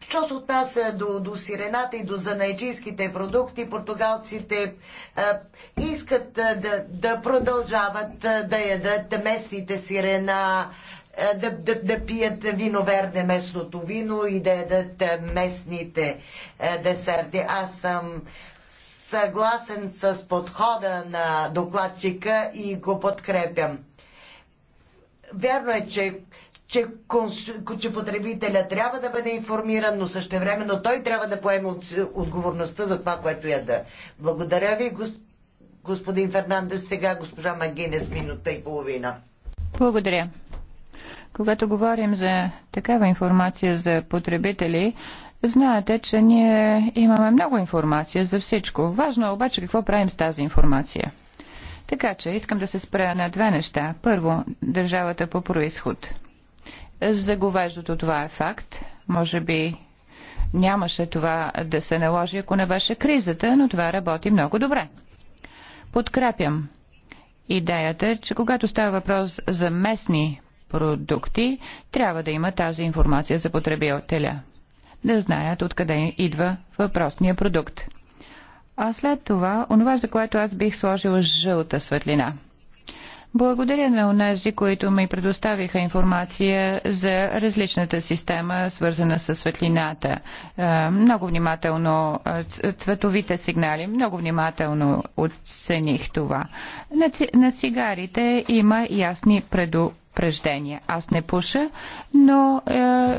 Speaker 1: Що се отнася до, до сирената и до занайчийските продукти, португалците а, е, искат а, да, да продължават а, да ядат местните сирена, е, да, да, да пият верде местното вино и да ядат е, местните е, десерти. Аз съм съгласен с подхода на докладчика и го подкрепям. Вярно е, че че, конс... че потребителя трябва да бъде информиран, но същевременно той трябва да поеме от... отговорността за това, което яда. Благодаря ви, гос... господин Фернандес. Сега госпожа Магинес, минута и половина.
Speaker 3: Благодаря. Когато говорим за такава информация за потребители, знаете, че ние имаме много информация за всичко. Важно е обаче какво правим с тази информация. Така че искам да се спра на две неща. Първо, държавата по происход. За това е факт. Може би нямаше това да се наложи, ако не беше кризата, но това работи много добре. Подкрепям идеята, че когато става въпрос за местни продукти, трябва да има тази информация за потребителя. Да знаят откъде идва въпросния продукт. А след това, онова, за което аз бих сложил жълта светлина – благодаря на онези, които ми предоставиха информация за различната система, свързана с светлината. Е, много внимателно е, цветовите сигнали, много внимателно оцених това. На цигарите има ясни предупреждения упреждения. Аз не пуша, но е,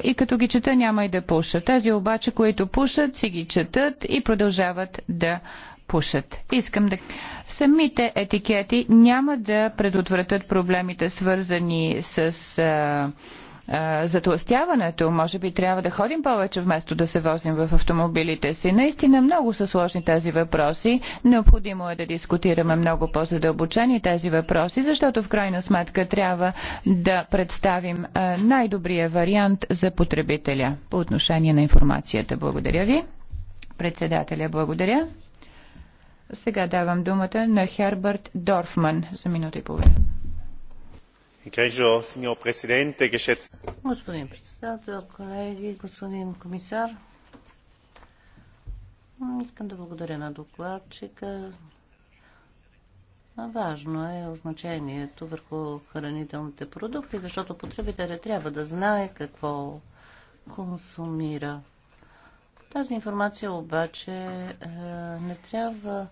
Speaker 3: и като ги чета няма и да пуша. Тези обаче, които пушат, си ги четат и продължават да пушат. Искам да... Самите етикети няма да предотвратят проблемите, свързани с... Е, затластяването. Може би трябва да ходим повече, вместо да се возим в автомобилите си. Наистина много са сложни тези въпроси. Необходимо е да дискутираме много по-задълбочени тези въпроси, защото в крайна сметка трябва да представим най-добрия вариант за потребителя по отношение на информацията. Благодаря ви. Председателя, благодаря. Сега давам думата на Херберт Дорфман за минута и половина.
Speaker 2: Господин председател, колеги, господин комисар, искам да благодаря на докладчика. Важно е значението върху хранителните продукти, защото потребителя трябва да знае какво консумира. Тази информация обаче е, не трябва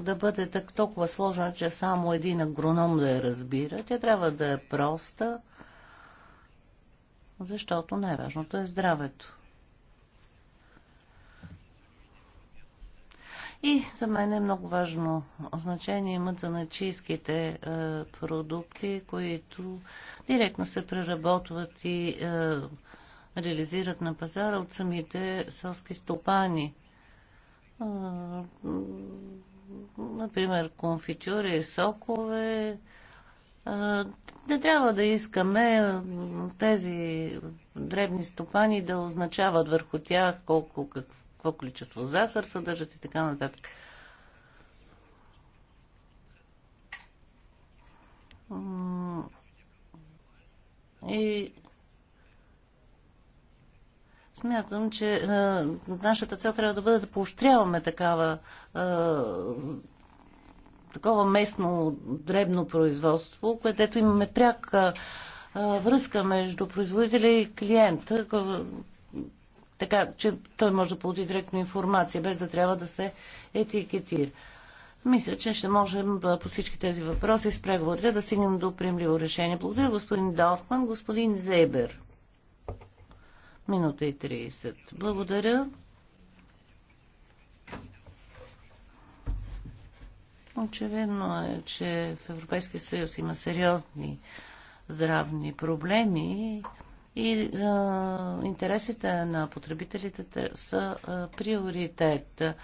Speaker 2: да бъде так, толкова сложна, че само един агроном да я разбира. Тя трябва да е проста, защото най-важното е здравето. И за мен е много важно значение имат за е, продукти, които директно се преработват и е, реализират на пазара от самите селски стопани например, конфитюри, сокове. Не трябва да искаме тези дребни стопани да означават върху тях колко, какво количество захар съдържат и така нататък. И Смятам, че а, е, нашата цел трябва да бъде да поощряваме такава, а, е, такова местно дребно производство, където имаме пряка а, е, връзка между производителя и клиента, така че той може да получи директно информация, без да трябва да се етикетира. Мисля, че ще можем по всички тези въпроси с преговорите да стигнем до приемливо решение. Благодаря господин Далфман, господин Зебер. Минута и 30. Благодаря. Очевидно е, че в Европейския съюз има сериозни здравни проблеми и а, интересите на потребителите са а, приоритет. А,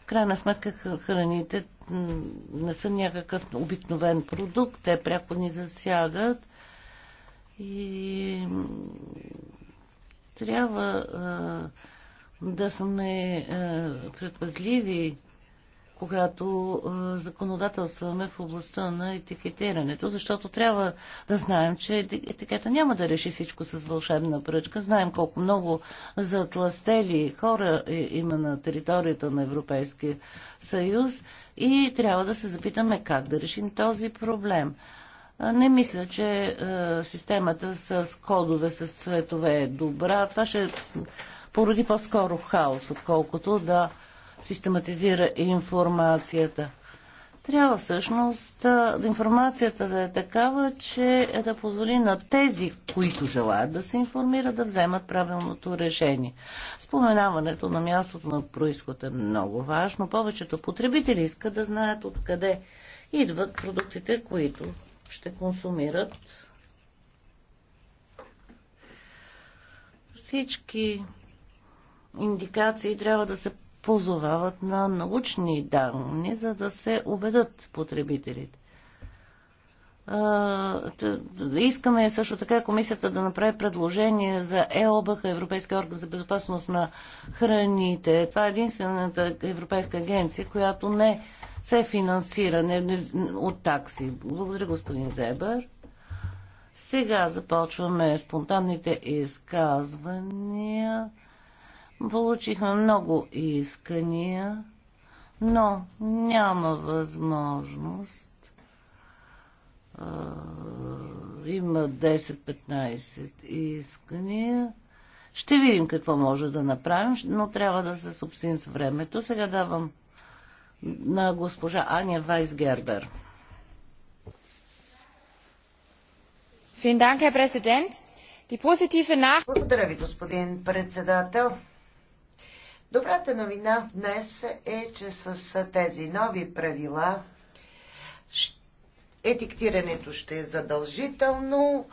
Speaker 2: в крайна сметка храните не са някакъв обикновен продукт, те пряко ни засягат и трябва а, да сме а, предпазливи, когато а, законодателстваме в областта на етикетирането, защото трябва да знаем, че етикета няма да реши всичко с вълшебна пръчка. Знаем колко много затластели хора има на територията на Европейския съюз и трябва да се запитаме как да решим този проблем. Не мисля, че системата с кодове, с цветове е добра. Това ще породи по-скоро хаос, отколкото да систематизира информацията. Трябва всъщност информацията да е такава, че е да позволи на тези, които желаят да се информират, да вземат правилното решение. Споменаването на мястото на происход е много важно. Повечето потребители искат да знаят откъде идват продуктите, които ще консумират. Всички индикации трябва да се позовават на научни данни, за да се убедат потребителите. Искаме също така комисията да направи предложение за ЕОБХ, Европейска орган за безопасност на храните. Това е единствената европейска агенция, която не се е финансиране от такси. Благодаря, господин Зебър. Сега започваме спонтанните изказвания. Получихме много искания, но няма възможност. Има 10-15 искания. Ще видим какво може да направим, но трябва да се субсин с времето. Сега давам на госпожа Аня Вайсгербер.
Speaker 1: Благодаря ви, господин председател. Добрата новина днес е, че с тези нови правила етиктирането ще е задължително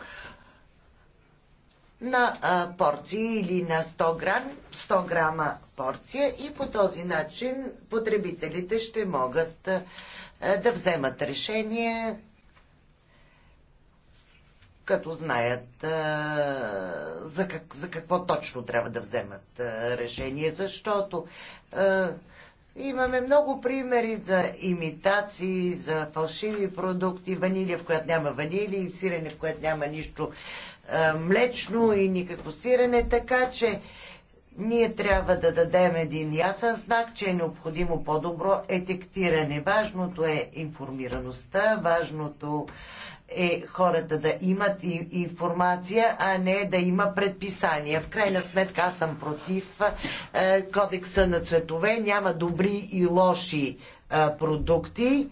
Speaker 1: на а, порции или на 100 грам, 100 грама порция и по този начин потребителите ще могат а, да вземат решение като знаят а, за, как, за какво точно трябва да вземат а, решение, защото а, Имаме много примери за имитации, за фалшиви продукти, ванилия, в която няма ванили, сирене, в която няма нищо е, млечно и никакво сирене, така че ние трябва да дадем един ясен знак, че е необходимо по-добро етектиране. Важното е информираността, важното е хората да имат информация, а не да има предписания. В крайна сметка аз съм против е, кодекса на цветове. Няма добри и лоши е, продукти.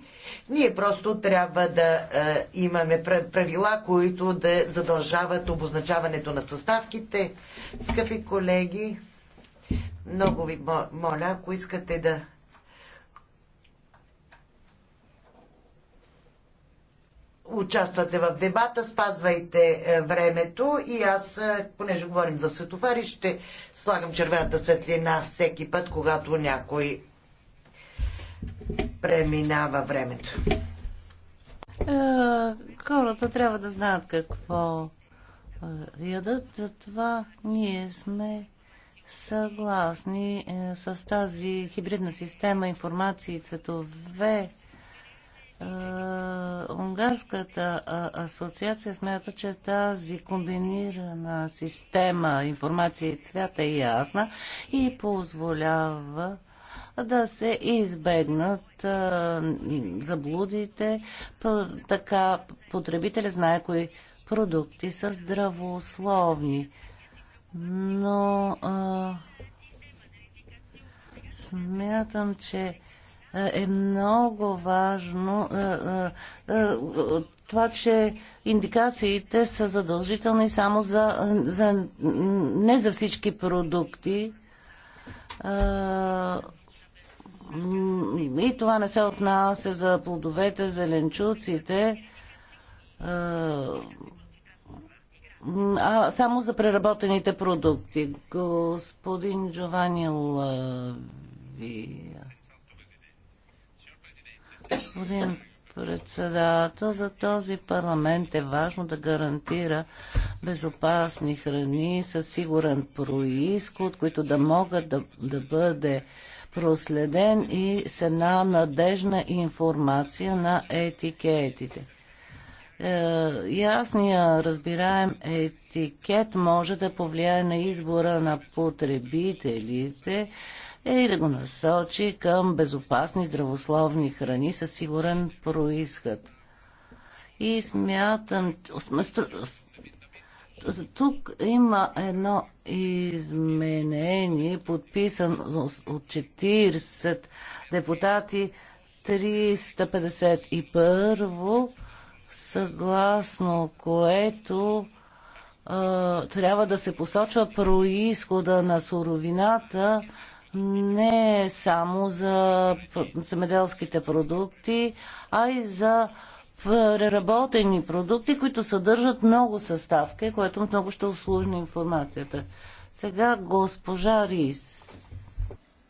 Speaker 1: Ние просто трябва да е, имаме правила, които да задължават обозначаването на съставките. Скъпи колеги, много ви моля, ако искате да участвате в дебата, спазвайте е, времето и аз, е, понеже говорим за светофари, ще слагам червената светлина всеки път, когато някой преминава времето.
Speaker 2: Е, хората трябва да знаят какво е, ядат, затова ние сме съгласни е, с тази хибридна система информации и цветове е, унгарската асоциация смята, че тази комбинирана система информация и цвят е ясна и позволява да се избегнат а, заблудите, така потребителя знае кои продукти са здравословни. Но а, смятам, че е много важно е, е, е, това, че индикациите са задължителни само за, за не за всички продукти. И това не се отнася за плодовете, зеленчуците, а само за преработените продукти. Господин Джованил Вия. Господин председател, за този парламент е важно да гарантира безопасни храни със сигурен происход, които да могат да, да бъде проследен и с една надежна информация на етикетите. Е, ясния разбираем етикет може да повлияе на избора на потребителите, е и да го насочи към безопасни здравословни храни със сигурен происход. И смятам, тук има едно изменение, подписано от 40 депутати, 351, съгласно което а, трябва да се посочва происхода на суровината не само за земеделските продукти, а и за преработени продукти, които съдържат много съставки, което много ще услужни информацията. Сега госпожа Рис.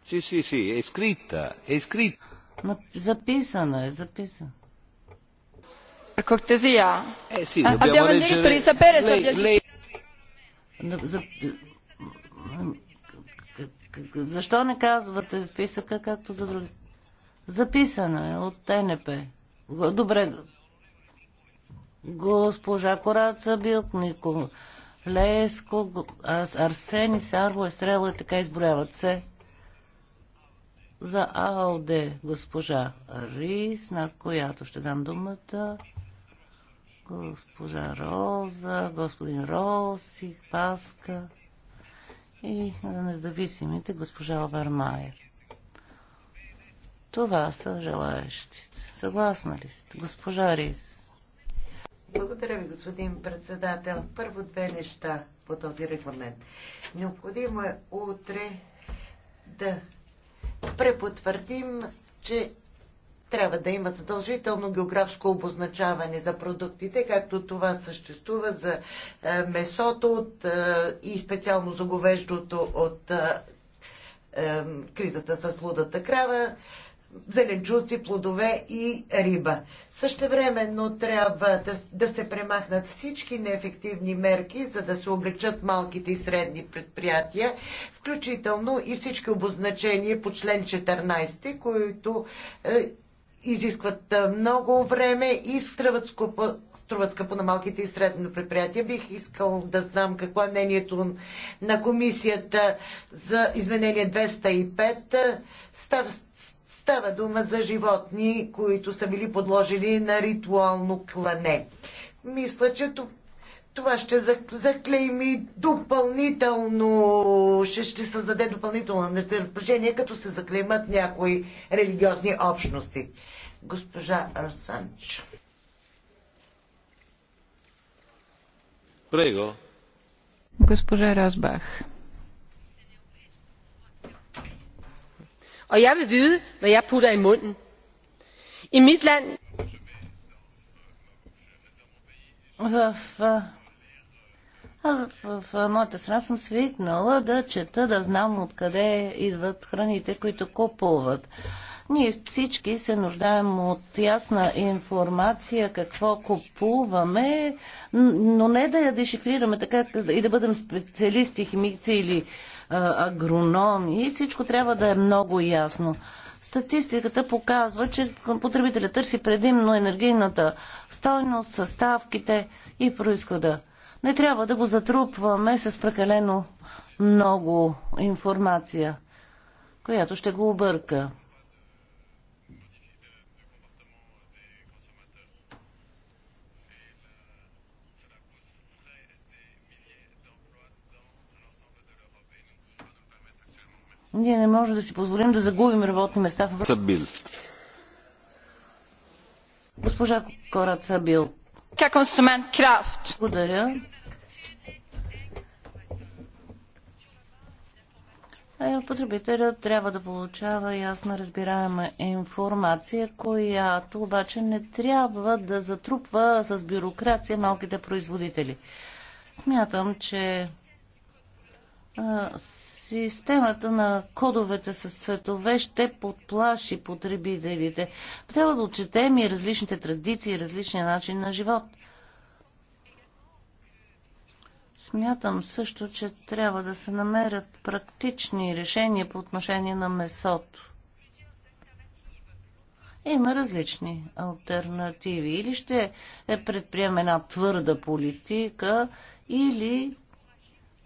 Speaker 2: Си, си, си, е скрита, е скрита. Записана е, записана. Cortesia, eh, sì, abbiamo il diritto di sapere se защо не казвате списъка, както за други? Записана е от ТНП. Добре. Госпожа Кораца Билкникова. Леско, Арсени, Сарво, Естрела, така изброяват се. За Алде госпожа Рис, на която ще дам думата. Госпожа Роза, господин Роси, Паска и за независимите госпожа Обермайер. Това са желаящите. Съгласна ли сте? Госпожа Рис.
Speaker 1: Благодаря ви, господин председател. Първо две неща по този регламент. Необходимо е утре да препотвърдим, че трябва да има задължително географско обозначаване за продуктите, както това съществува за е, месото от, е, и специално за говеждото от е, кризата с лудата крава, зеленчуци, плодове и риба. Същевременно трябва да, да се премахнат всички неефективни мерки, за да се облегчат малките и средни предприятия, включително и всички обозначения по член 14, които е, изискват много време и струват скъпо, струват скъпо на малките и средно предприятия. Бих искал да знам какво е мнението на комисията за изменение 205. Става, става дума за животни, които са били подложили на ритуално клане. Мисля, че тук това ще заклейми допълнително, ще, ще създаде допълнително нетърпение, като се заклеймат някои религиозни общности. Госпожа Арсанч. Прего. Госпожа Розбах.
Speaker 2: Og jeg vil vide, hvad jeg putter i munden. I mit land... В аз в, в моята страна съм свикнала да чета, да знам откъде идват храните, които купуват. Ние всички се нуждаем от ясна информация какво купуваме, но не да я дешифрираме така и да бъдем специалисти, химици или а, агрономи. Всичко трябва да е много ясно. Статистиката показва, че потребителят търси предимно енергийната стойност, съставките и происхода не трябва да го затрупваме с прекалено много информация, която ще го обърка. Ние не можем да си позволим да загубим работни места в Европа. Госпожа Кораца бил. Благодаря. Потребителят трябва да получава ясна разбираема информация, която обаче не трябва да затрупва с бюрокрация малките производители. Смятам, че Системата на кодовете с цветове ще подплаши потребителите. Трябва да отчетем и различните традиции, и различния начин на живот. Смятам също, че трябва да се намерят практични решения по отношение на месото. Има различни альтернативи. Или ще е предприеме една твърда политика, или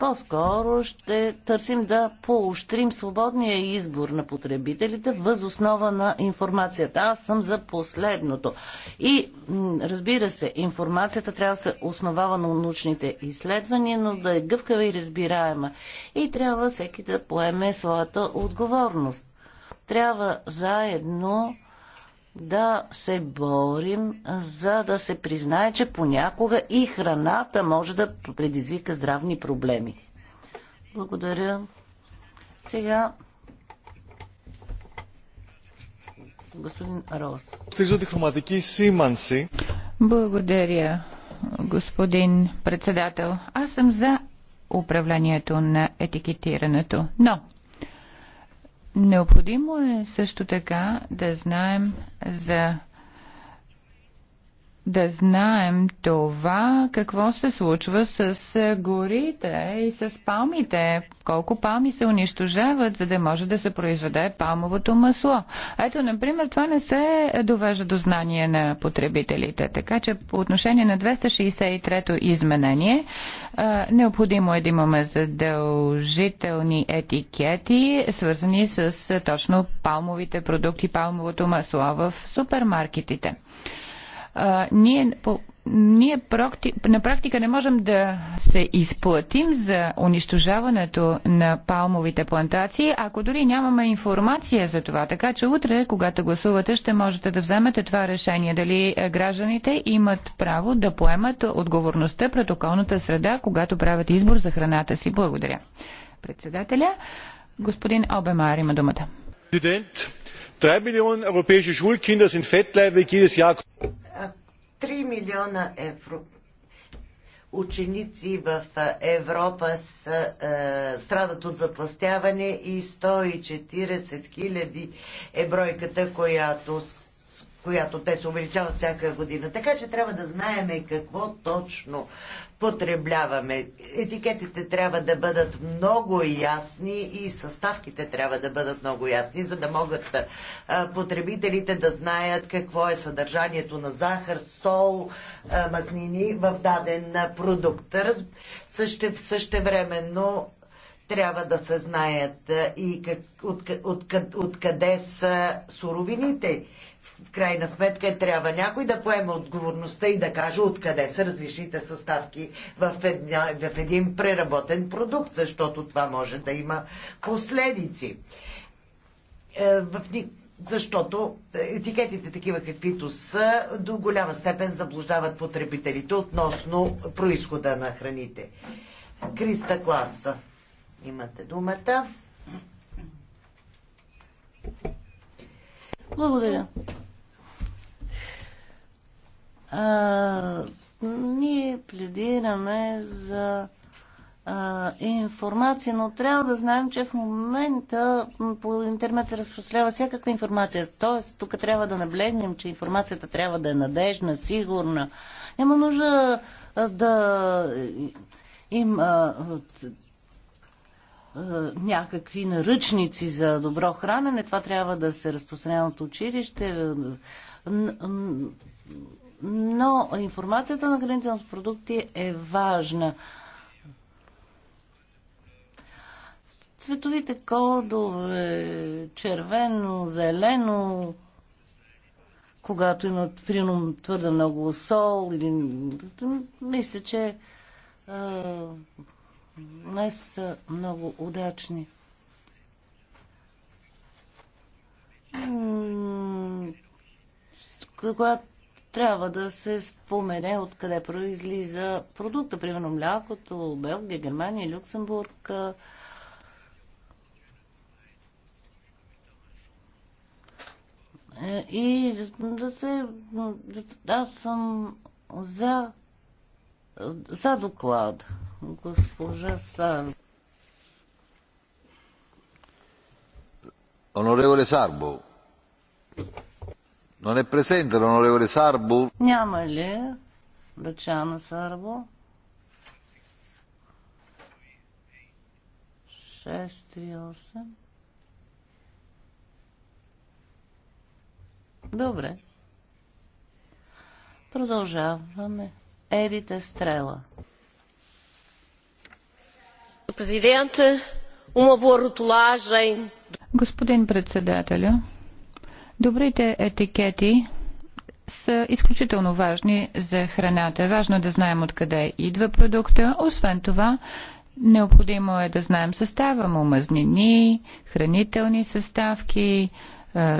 Speaker 2: по-скоро ще търсим да поощрим свободния избор на потребителите въз основа на информацията. Аз съм за последното. И разбира се, информацията трябва да се основава на научните изследвания, но да е гъвкава и разбираема. И трябва всеки да поеме своята отговорност. Трябва заедно да се борим, за да се признае, че понякога и храната може да предизвика здравни проблеми. Благодаря. Сега господин Роз.
Speaker 3: Благодаря, господин председател. Аз съм за управлението на етикетирането, но Необходимо е също така да знаем за да знаем това, какво се случва с горите и с палмите. Колко палми се унищожават, за да може да се произведе палмовото масло. Ето, например, това не се довежда до знание на потребителите. Така че по отношение на 263-то изменение, необходимо е да имаме задължителни етикети, свързани с точно палмовите продукти, палмовото масло в супермаркетите а, ние по, ние практи, на практика не можем да се изплатим за унищожаването на палмовите плантации, ако дори нямаме информация за това. Така че утре, когато гласувате, ще можете да вземете това решение. Дали е, гражданите имат право да поемат отговорността пред околната среда, когато правят избор за храната си. Благодаря. Председателя, господин Обемар има думата. 3 милиона европейски шулкинда са фетлайвик jedes Jahr.
Speaker 1: 3 милиона евро. Ученици в Европа с, е, страдат от затластяване и 140 хиляди е бройката, която която те се увеличават всяка година. Така че трябва да знаем какво точно потребляваме. Етикетите трябва да бъдат много ясни и съставките трябва да бъдат много ясни, за да могат потребителите да знаят какво е съдържанието на захар, сол, мазнини в даден продукт. Също, същевременно трябва да се знаят и как, от, от, от, откъде са суровините крайна сметка трябва някой да поеме отговорността и да каже откъде са различните съставки в, една, в един преработен продукт, защото това може да има последици. Е, в защото етикетите такива каквито са до голяма степен заблуждават потребителите относно происхода на храните. Криста Класа, имате думата.
Speaker 2: Благодаря. А, ние пледираме за а, информация, но трябва да знаем, че в момента по интернет се разпространява всякаква информация. Тоест, тук трябва да наблегнем, че информацията трябва да е надежна, сигурна. Няма нужда да има някакви наръчници за добро хранене. Това трябва да се разпространява от училище но информацията на хранителните продукти е важна. Цветовите кодове, червено, зелено, когато има примерно твърде много сол или мисля, че а, не са много удачни. Когато трябва да се спомене откъде произлиза продукта, примерно млякото, Белгия, Германия, Люксембург. Е, и да се... Аз съм за... за доклад, госпожа Сар. Онореволе Сарбо. Non è presente l'onorevole Sarbu? Няма ли Luciano Sarbu? Шест Добре. Продължаваме. Едите стрела. Президент,
Speaker 3: Господин председателю, Добрите етикети са изключително важни за храната. Важно е да знаем откъде идва продукта. Освен това, необходимо е да знаем състава му, мазнини, хранителни съставки,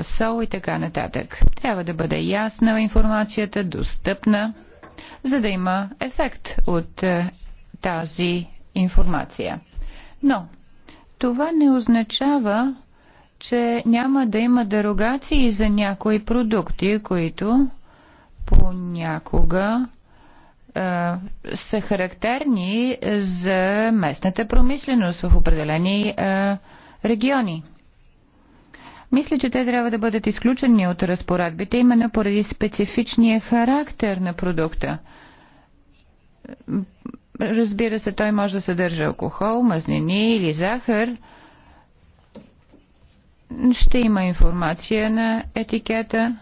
Speaker 3: сол и така нататък. Трябва да бъде ясна информацията, достъпна, за да има ефект от тази информация. Но това не означава, че няма да има дерогации за някои продукти, които понякога е, са характерни за местната промишленост в определени е, региони. Мисля, че те трябва да бъдат изключени от разпоредбите именно поради специфичния характер на продукта. Разбира се, той може да съдържа алкохол, мазнини или захар – ще има информация на етикета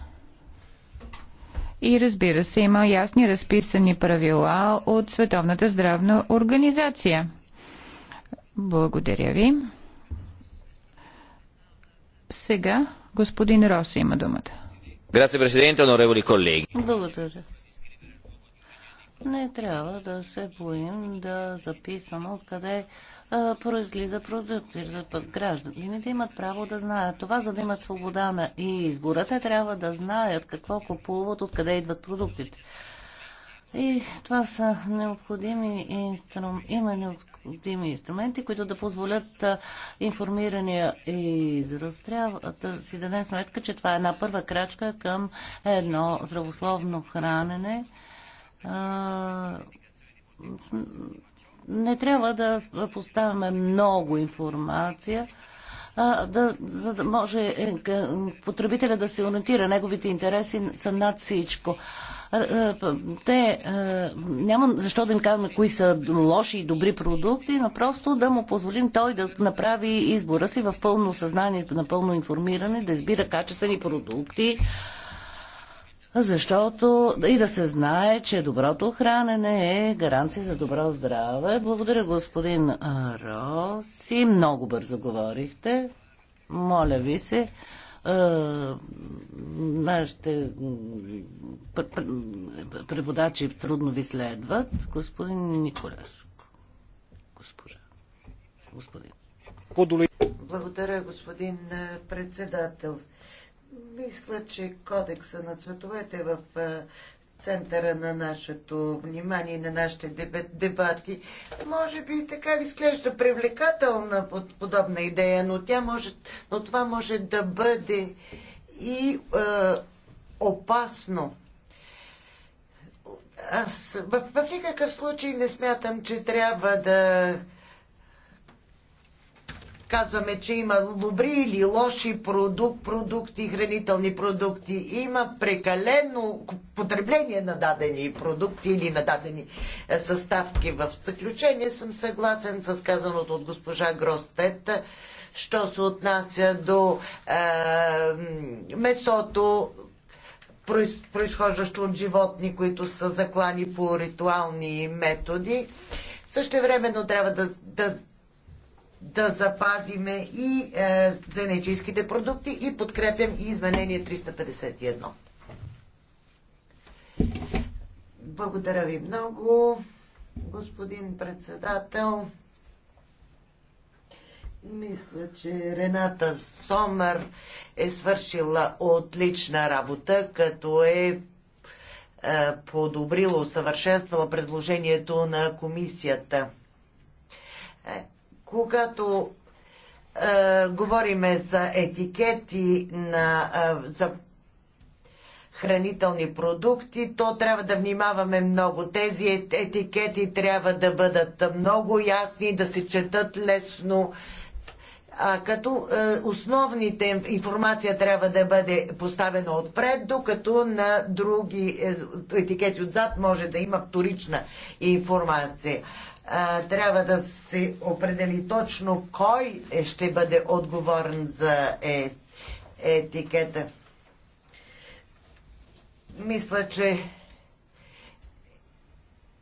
Speaker 3: и разбира се има ясни разписани правила от Световната здравна организация. Благодаря ви. Сега господин Рос има думата.
Speaker 2: Грация, президенте, оноревали колеги. Благодаря. Не трябва да се боим да записваме откъде произлиза продукт. Пък гражданите имат право да знаят това, за да имат свобода на избора. Те трябва да знаят какво купуват, откъде идват продуктите. И това са необходими инструм... има необходими инструменти, които да позволят информирания израз. Трябва да си дадем сметка, че това е една първа крачка към едно здравословно хранене не трябва да поставяме много информация, а, да, за да може е, потребителя да се ориентира. Неговите интереси са над всичко. Те е, няма защо да им казваме кои са лоши и добри продукти, но просто да му позволим той да направи избора си в пълно съзнание, напълно информиране, да избира качествени продукти, защото и да се знае, че доброто хранене е гаранция за добро здраве. Благодаря, господин Роси. Много бързо говорихте. Моля ви се. Нашите преводачи трудно ви следват. Господин Николеско. Госпожа. Господин.
Speaker 1: Благодаря, господин председател. Мисля, че кодекса на цветовете е в е, центъра на нашето внимание, на нашите дебати. Може би така ви изглежда привлекателна под подобна идея, но, тя може, но това може да бъде и е, опасно. Аз в, в никакъв случай не смятам, че трябва да казваме, че има добри или лоши продукт, продукти, хранителни продукти. Има прекалено потребление на дадени продукти или на дадени е, съставки. В заключение съм съгласен с казаното от госпожа Гростет, що се отнася до е, месото, произхождащо от животни, които са заклани по ритуални методи. Също времено трябва да, да, да запазиме и е, зенечийските продукти и подкрепям и изменение 351. Благодаря ви много, господин председател. Мисля, че Рената Сомър е свършила отлична работа, като е, е подобрила, усъвършенствала предложението на комисията. Е, когато е, говориме за етикети на, е, за хранителни продукти, то трябва да внимаваме много. Тези етикети трябва да бъдат много ясни, да се четат лесно. Е, като е, основните информация трябва да бъде поставена отпред, докато на други е, етикети отзад може да има вторична информация. Е, трябва да се определи точно кой ще бъде отговорен за етикета. Мисля, че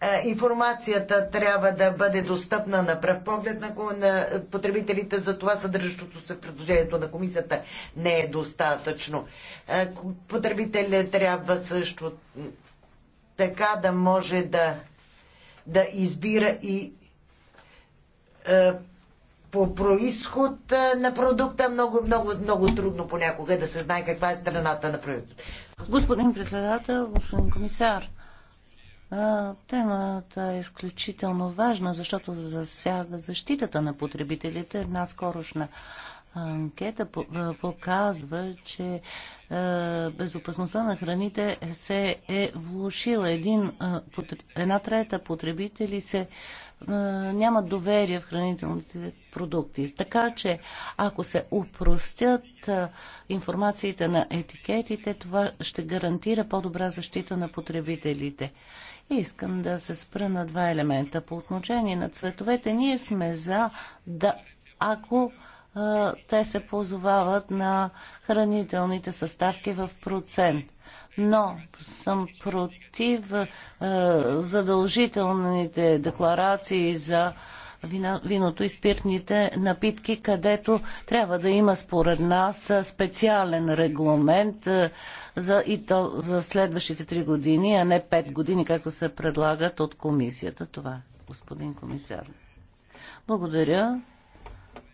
Speaker 1: е, информацията трябва да бъде достъпна на пръв поглед на, на потребителите, затова съдържащото се в предложението на комисията не е достатъчно. Е, Потребителят трябва също така да може да, да избира и е, по происход на продукта много, много, много трудно понякога да се знае каква е страната на продукта. Господин
Speaker 2: председател, господин комисар, Темата е изключително важна, защото засяга защитата на потребителите. Една скорошна анкета показва, че безопасността на храните се е влушила. Един, една трета потребители се нямат доверие в хранителните продукти. Така че, ако се упростят информациите на етикетите, това ще гарантира по-добра защита на потребителите. Искам да се спра на два елемента. По отношение на цветовете, ние сме за да, ако а, те се позовават на хранителните съставки в процент. Но съм против а, задължителните декларации за а, виното и спиртните напитки, където трябва да има според нас специален регламент е, за, и то, за следващите три години, а не пет години, както се предлагат от комисията. Това е, господин комисар. Благодаря.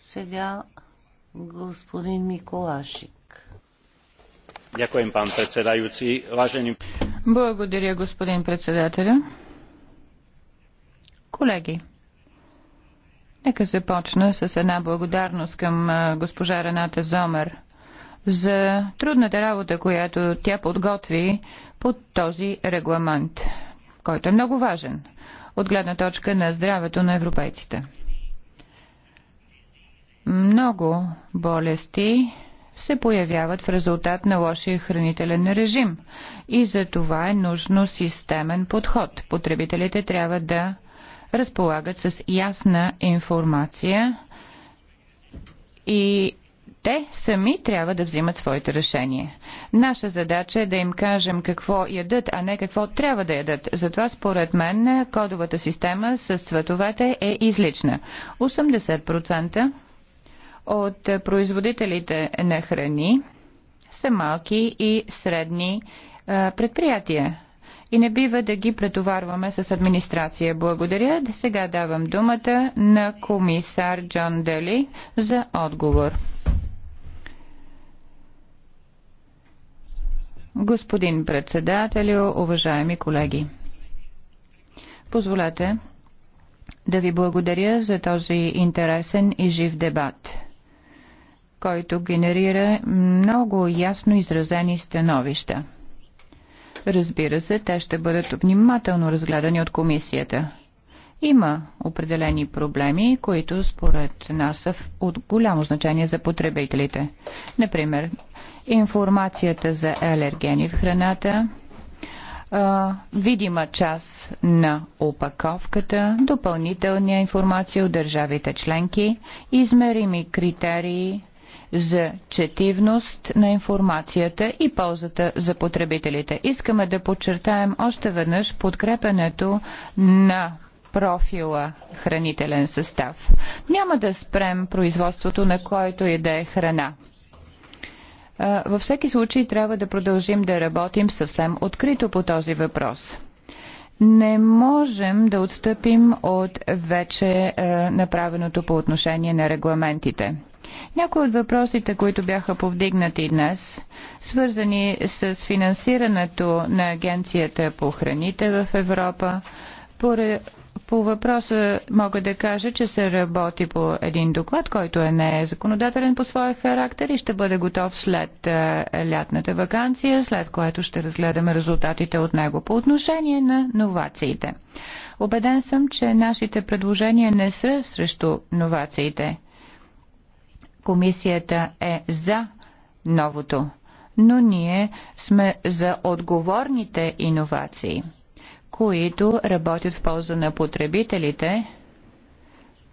Speaker 2: Сега господин Миколашик. Дякуем, пан председаюци.
Speaker 3: Благодаря, господин председателя. Колеги, Нека започна с една благодарност към госпожа Рената Зомер за трудната работа, която тя подготви под този регламент, който е много важен от гледна точка на здравето на европейците. Много болести се появяват в резултат на лошия хранителен режим и за това е нужно системен подход. Потребителите трябва да разполагат с ясна информация и те сами трябва да взимат своите решения. Наша задача е да им кажем какво ядат, а не какво трябва да ядат. Затова, според мен, кодовата система с цветовете е излична. 80% от производителите на храни са малки и средни предприятия и не бива да ги претоварваме с администрация. Благодаря. Сега давам думата на комисар Джон Дели за отговор. Господин председател, уважаеми колеги, позволете да ви благодаря за този интересен и жив дебат, който генерира много ясно изразени становища. Разбира се, те ще бъдат внимателно разгледани от комисията. Има определени проблеми, които според нас са от голямо значение за потребителите. Например, информацията за алергени в храната, видима част на опаковката, допълнителния информация от държавите членки, измерими критерии за четивност на информацията и ползата за потребителите. Искаме да подчертаем още веднъж подкрепенето на профила хранителен състав. Няма да спрем производството на който и да е храна. Във всеки случай трябва да продължим да работим съвсем открито по този въпрос. Не можем да отстъпим от вече е, направеното по отношение на регламентите. Някои от въпросите, които бяха повдигнати днес, свързани с финансирането на Агенцията по храните в Европа, по, по въпроса мога да кажа, че се работи по един доклад, който е не е законодателен по своя характер и ще бъде готов след е, лятната вакансия, след което ще разгледаме резултатите от него по отношение на новациите. Обеден съм, че нашите предложения не са срещу новациите. Комисията е за новото, но ние сме за отговорните иновации, които работят в полза на потребителите,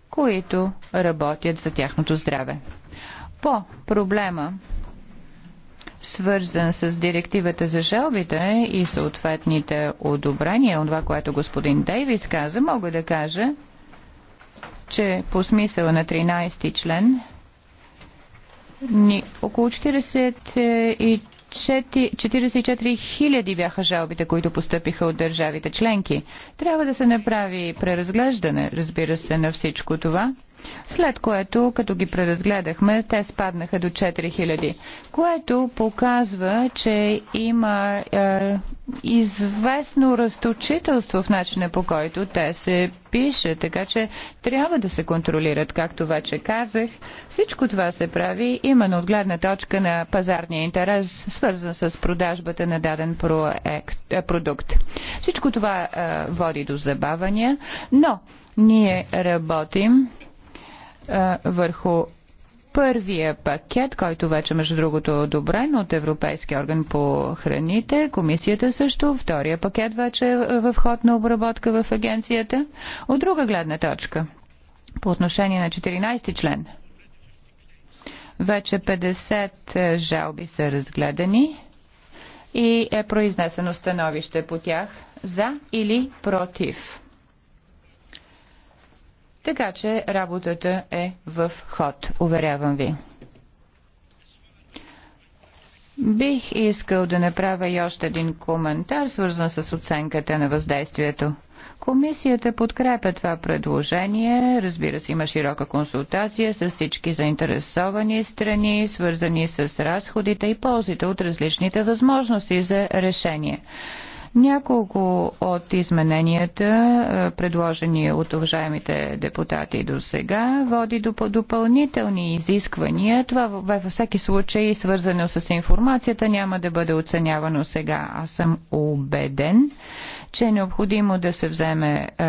Speaker 3: които работят за тяхното здраве. По проблема, свързан с директивата за жалбите и съответните одобрения, това, което господин Дейвис каза, мога да кажа, че по смисъла на 13 член ни, около 44 000 бяха жалбите, които постъпиха от държавите членки. Трябва да се направи преразглеждане, разбира се, на всичко това. След което, като ги преразгледахме, те спаднаха до 4000, което показва, че има е, известно разточителство в начина по който те се пише, така че трябва да се контролират, както вече казах. Всичко това се прави именно от гледна точка на пазарния интерес, свързан с продажбата на даден проект, е, продукт. Всичко това е, води до забавания, но ние работим върху първия пакет, който вече между другото е одобрен от Европейския орган по храните, комисията също, втория пакет вече е в ход на обработка в агенцията. От друга гледна точка, по отношение на 14 член, вече 50 е, жалби са разгледани и е произнесено становище по тях за или против. Така че работата е в ход, уверявам ви. Бих искал да направя и още един коментар, свързан с оценката на въздействието. Комисията подкрепя това предложение. Разбира се, има широка консултация с всички заинтересовани страни, свързани с разходите и ползите от различните възможности за решение. Няколко от измененията, е, предложени от уважаемите депутати до сега, води до допълнителни изисквания. Това във всеки случай, свързано с информацията, няма да бъде оценявано сега. Аз съм убеден, че е необходимо да се вземе е,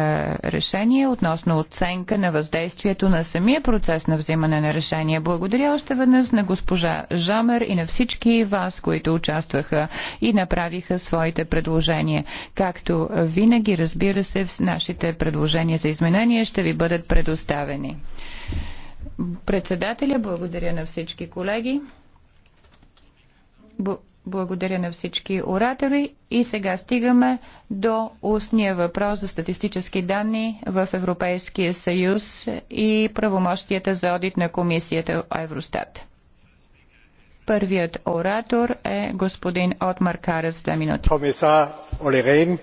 Speaker 3: решение относно оценка на въздействието на самия процес на взимане на решение. Благодаря още веднъж на госпожа Жамер и на всички вас, които участваха и направиха своите предложения. Както винаги, разбира се, нашите предложения за изменения ще ви бъдат предоставени. Председателя, благодаря на всички колеги. Благодаря на всички оратори. И сега стигаме до устния въпрос за статистически данни в Европейския съюз и правомощията за одит на комисията Евростат. Първият оратор е господин Отмар Карес, две минути.
Speaker 1: Комисар Олерейн.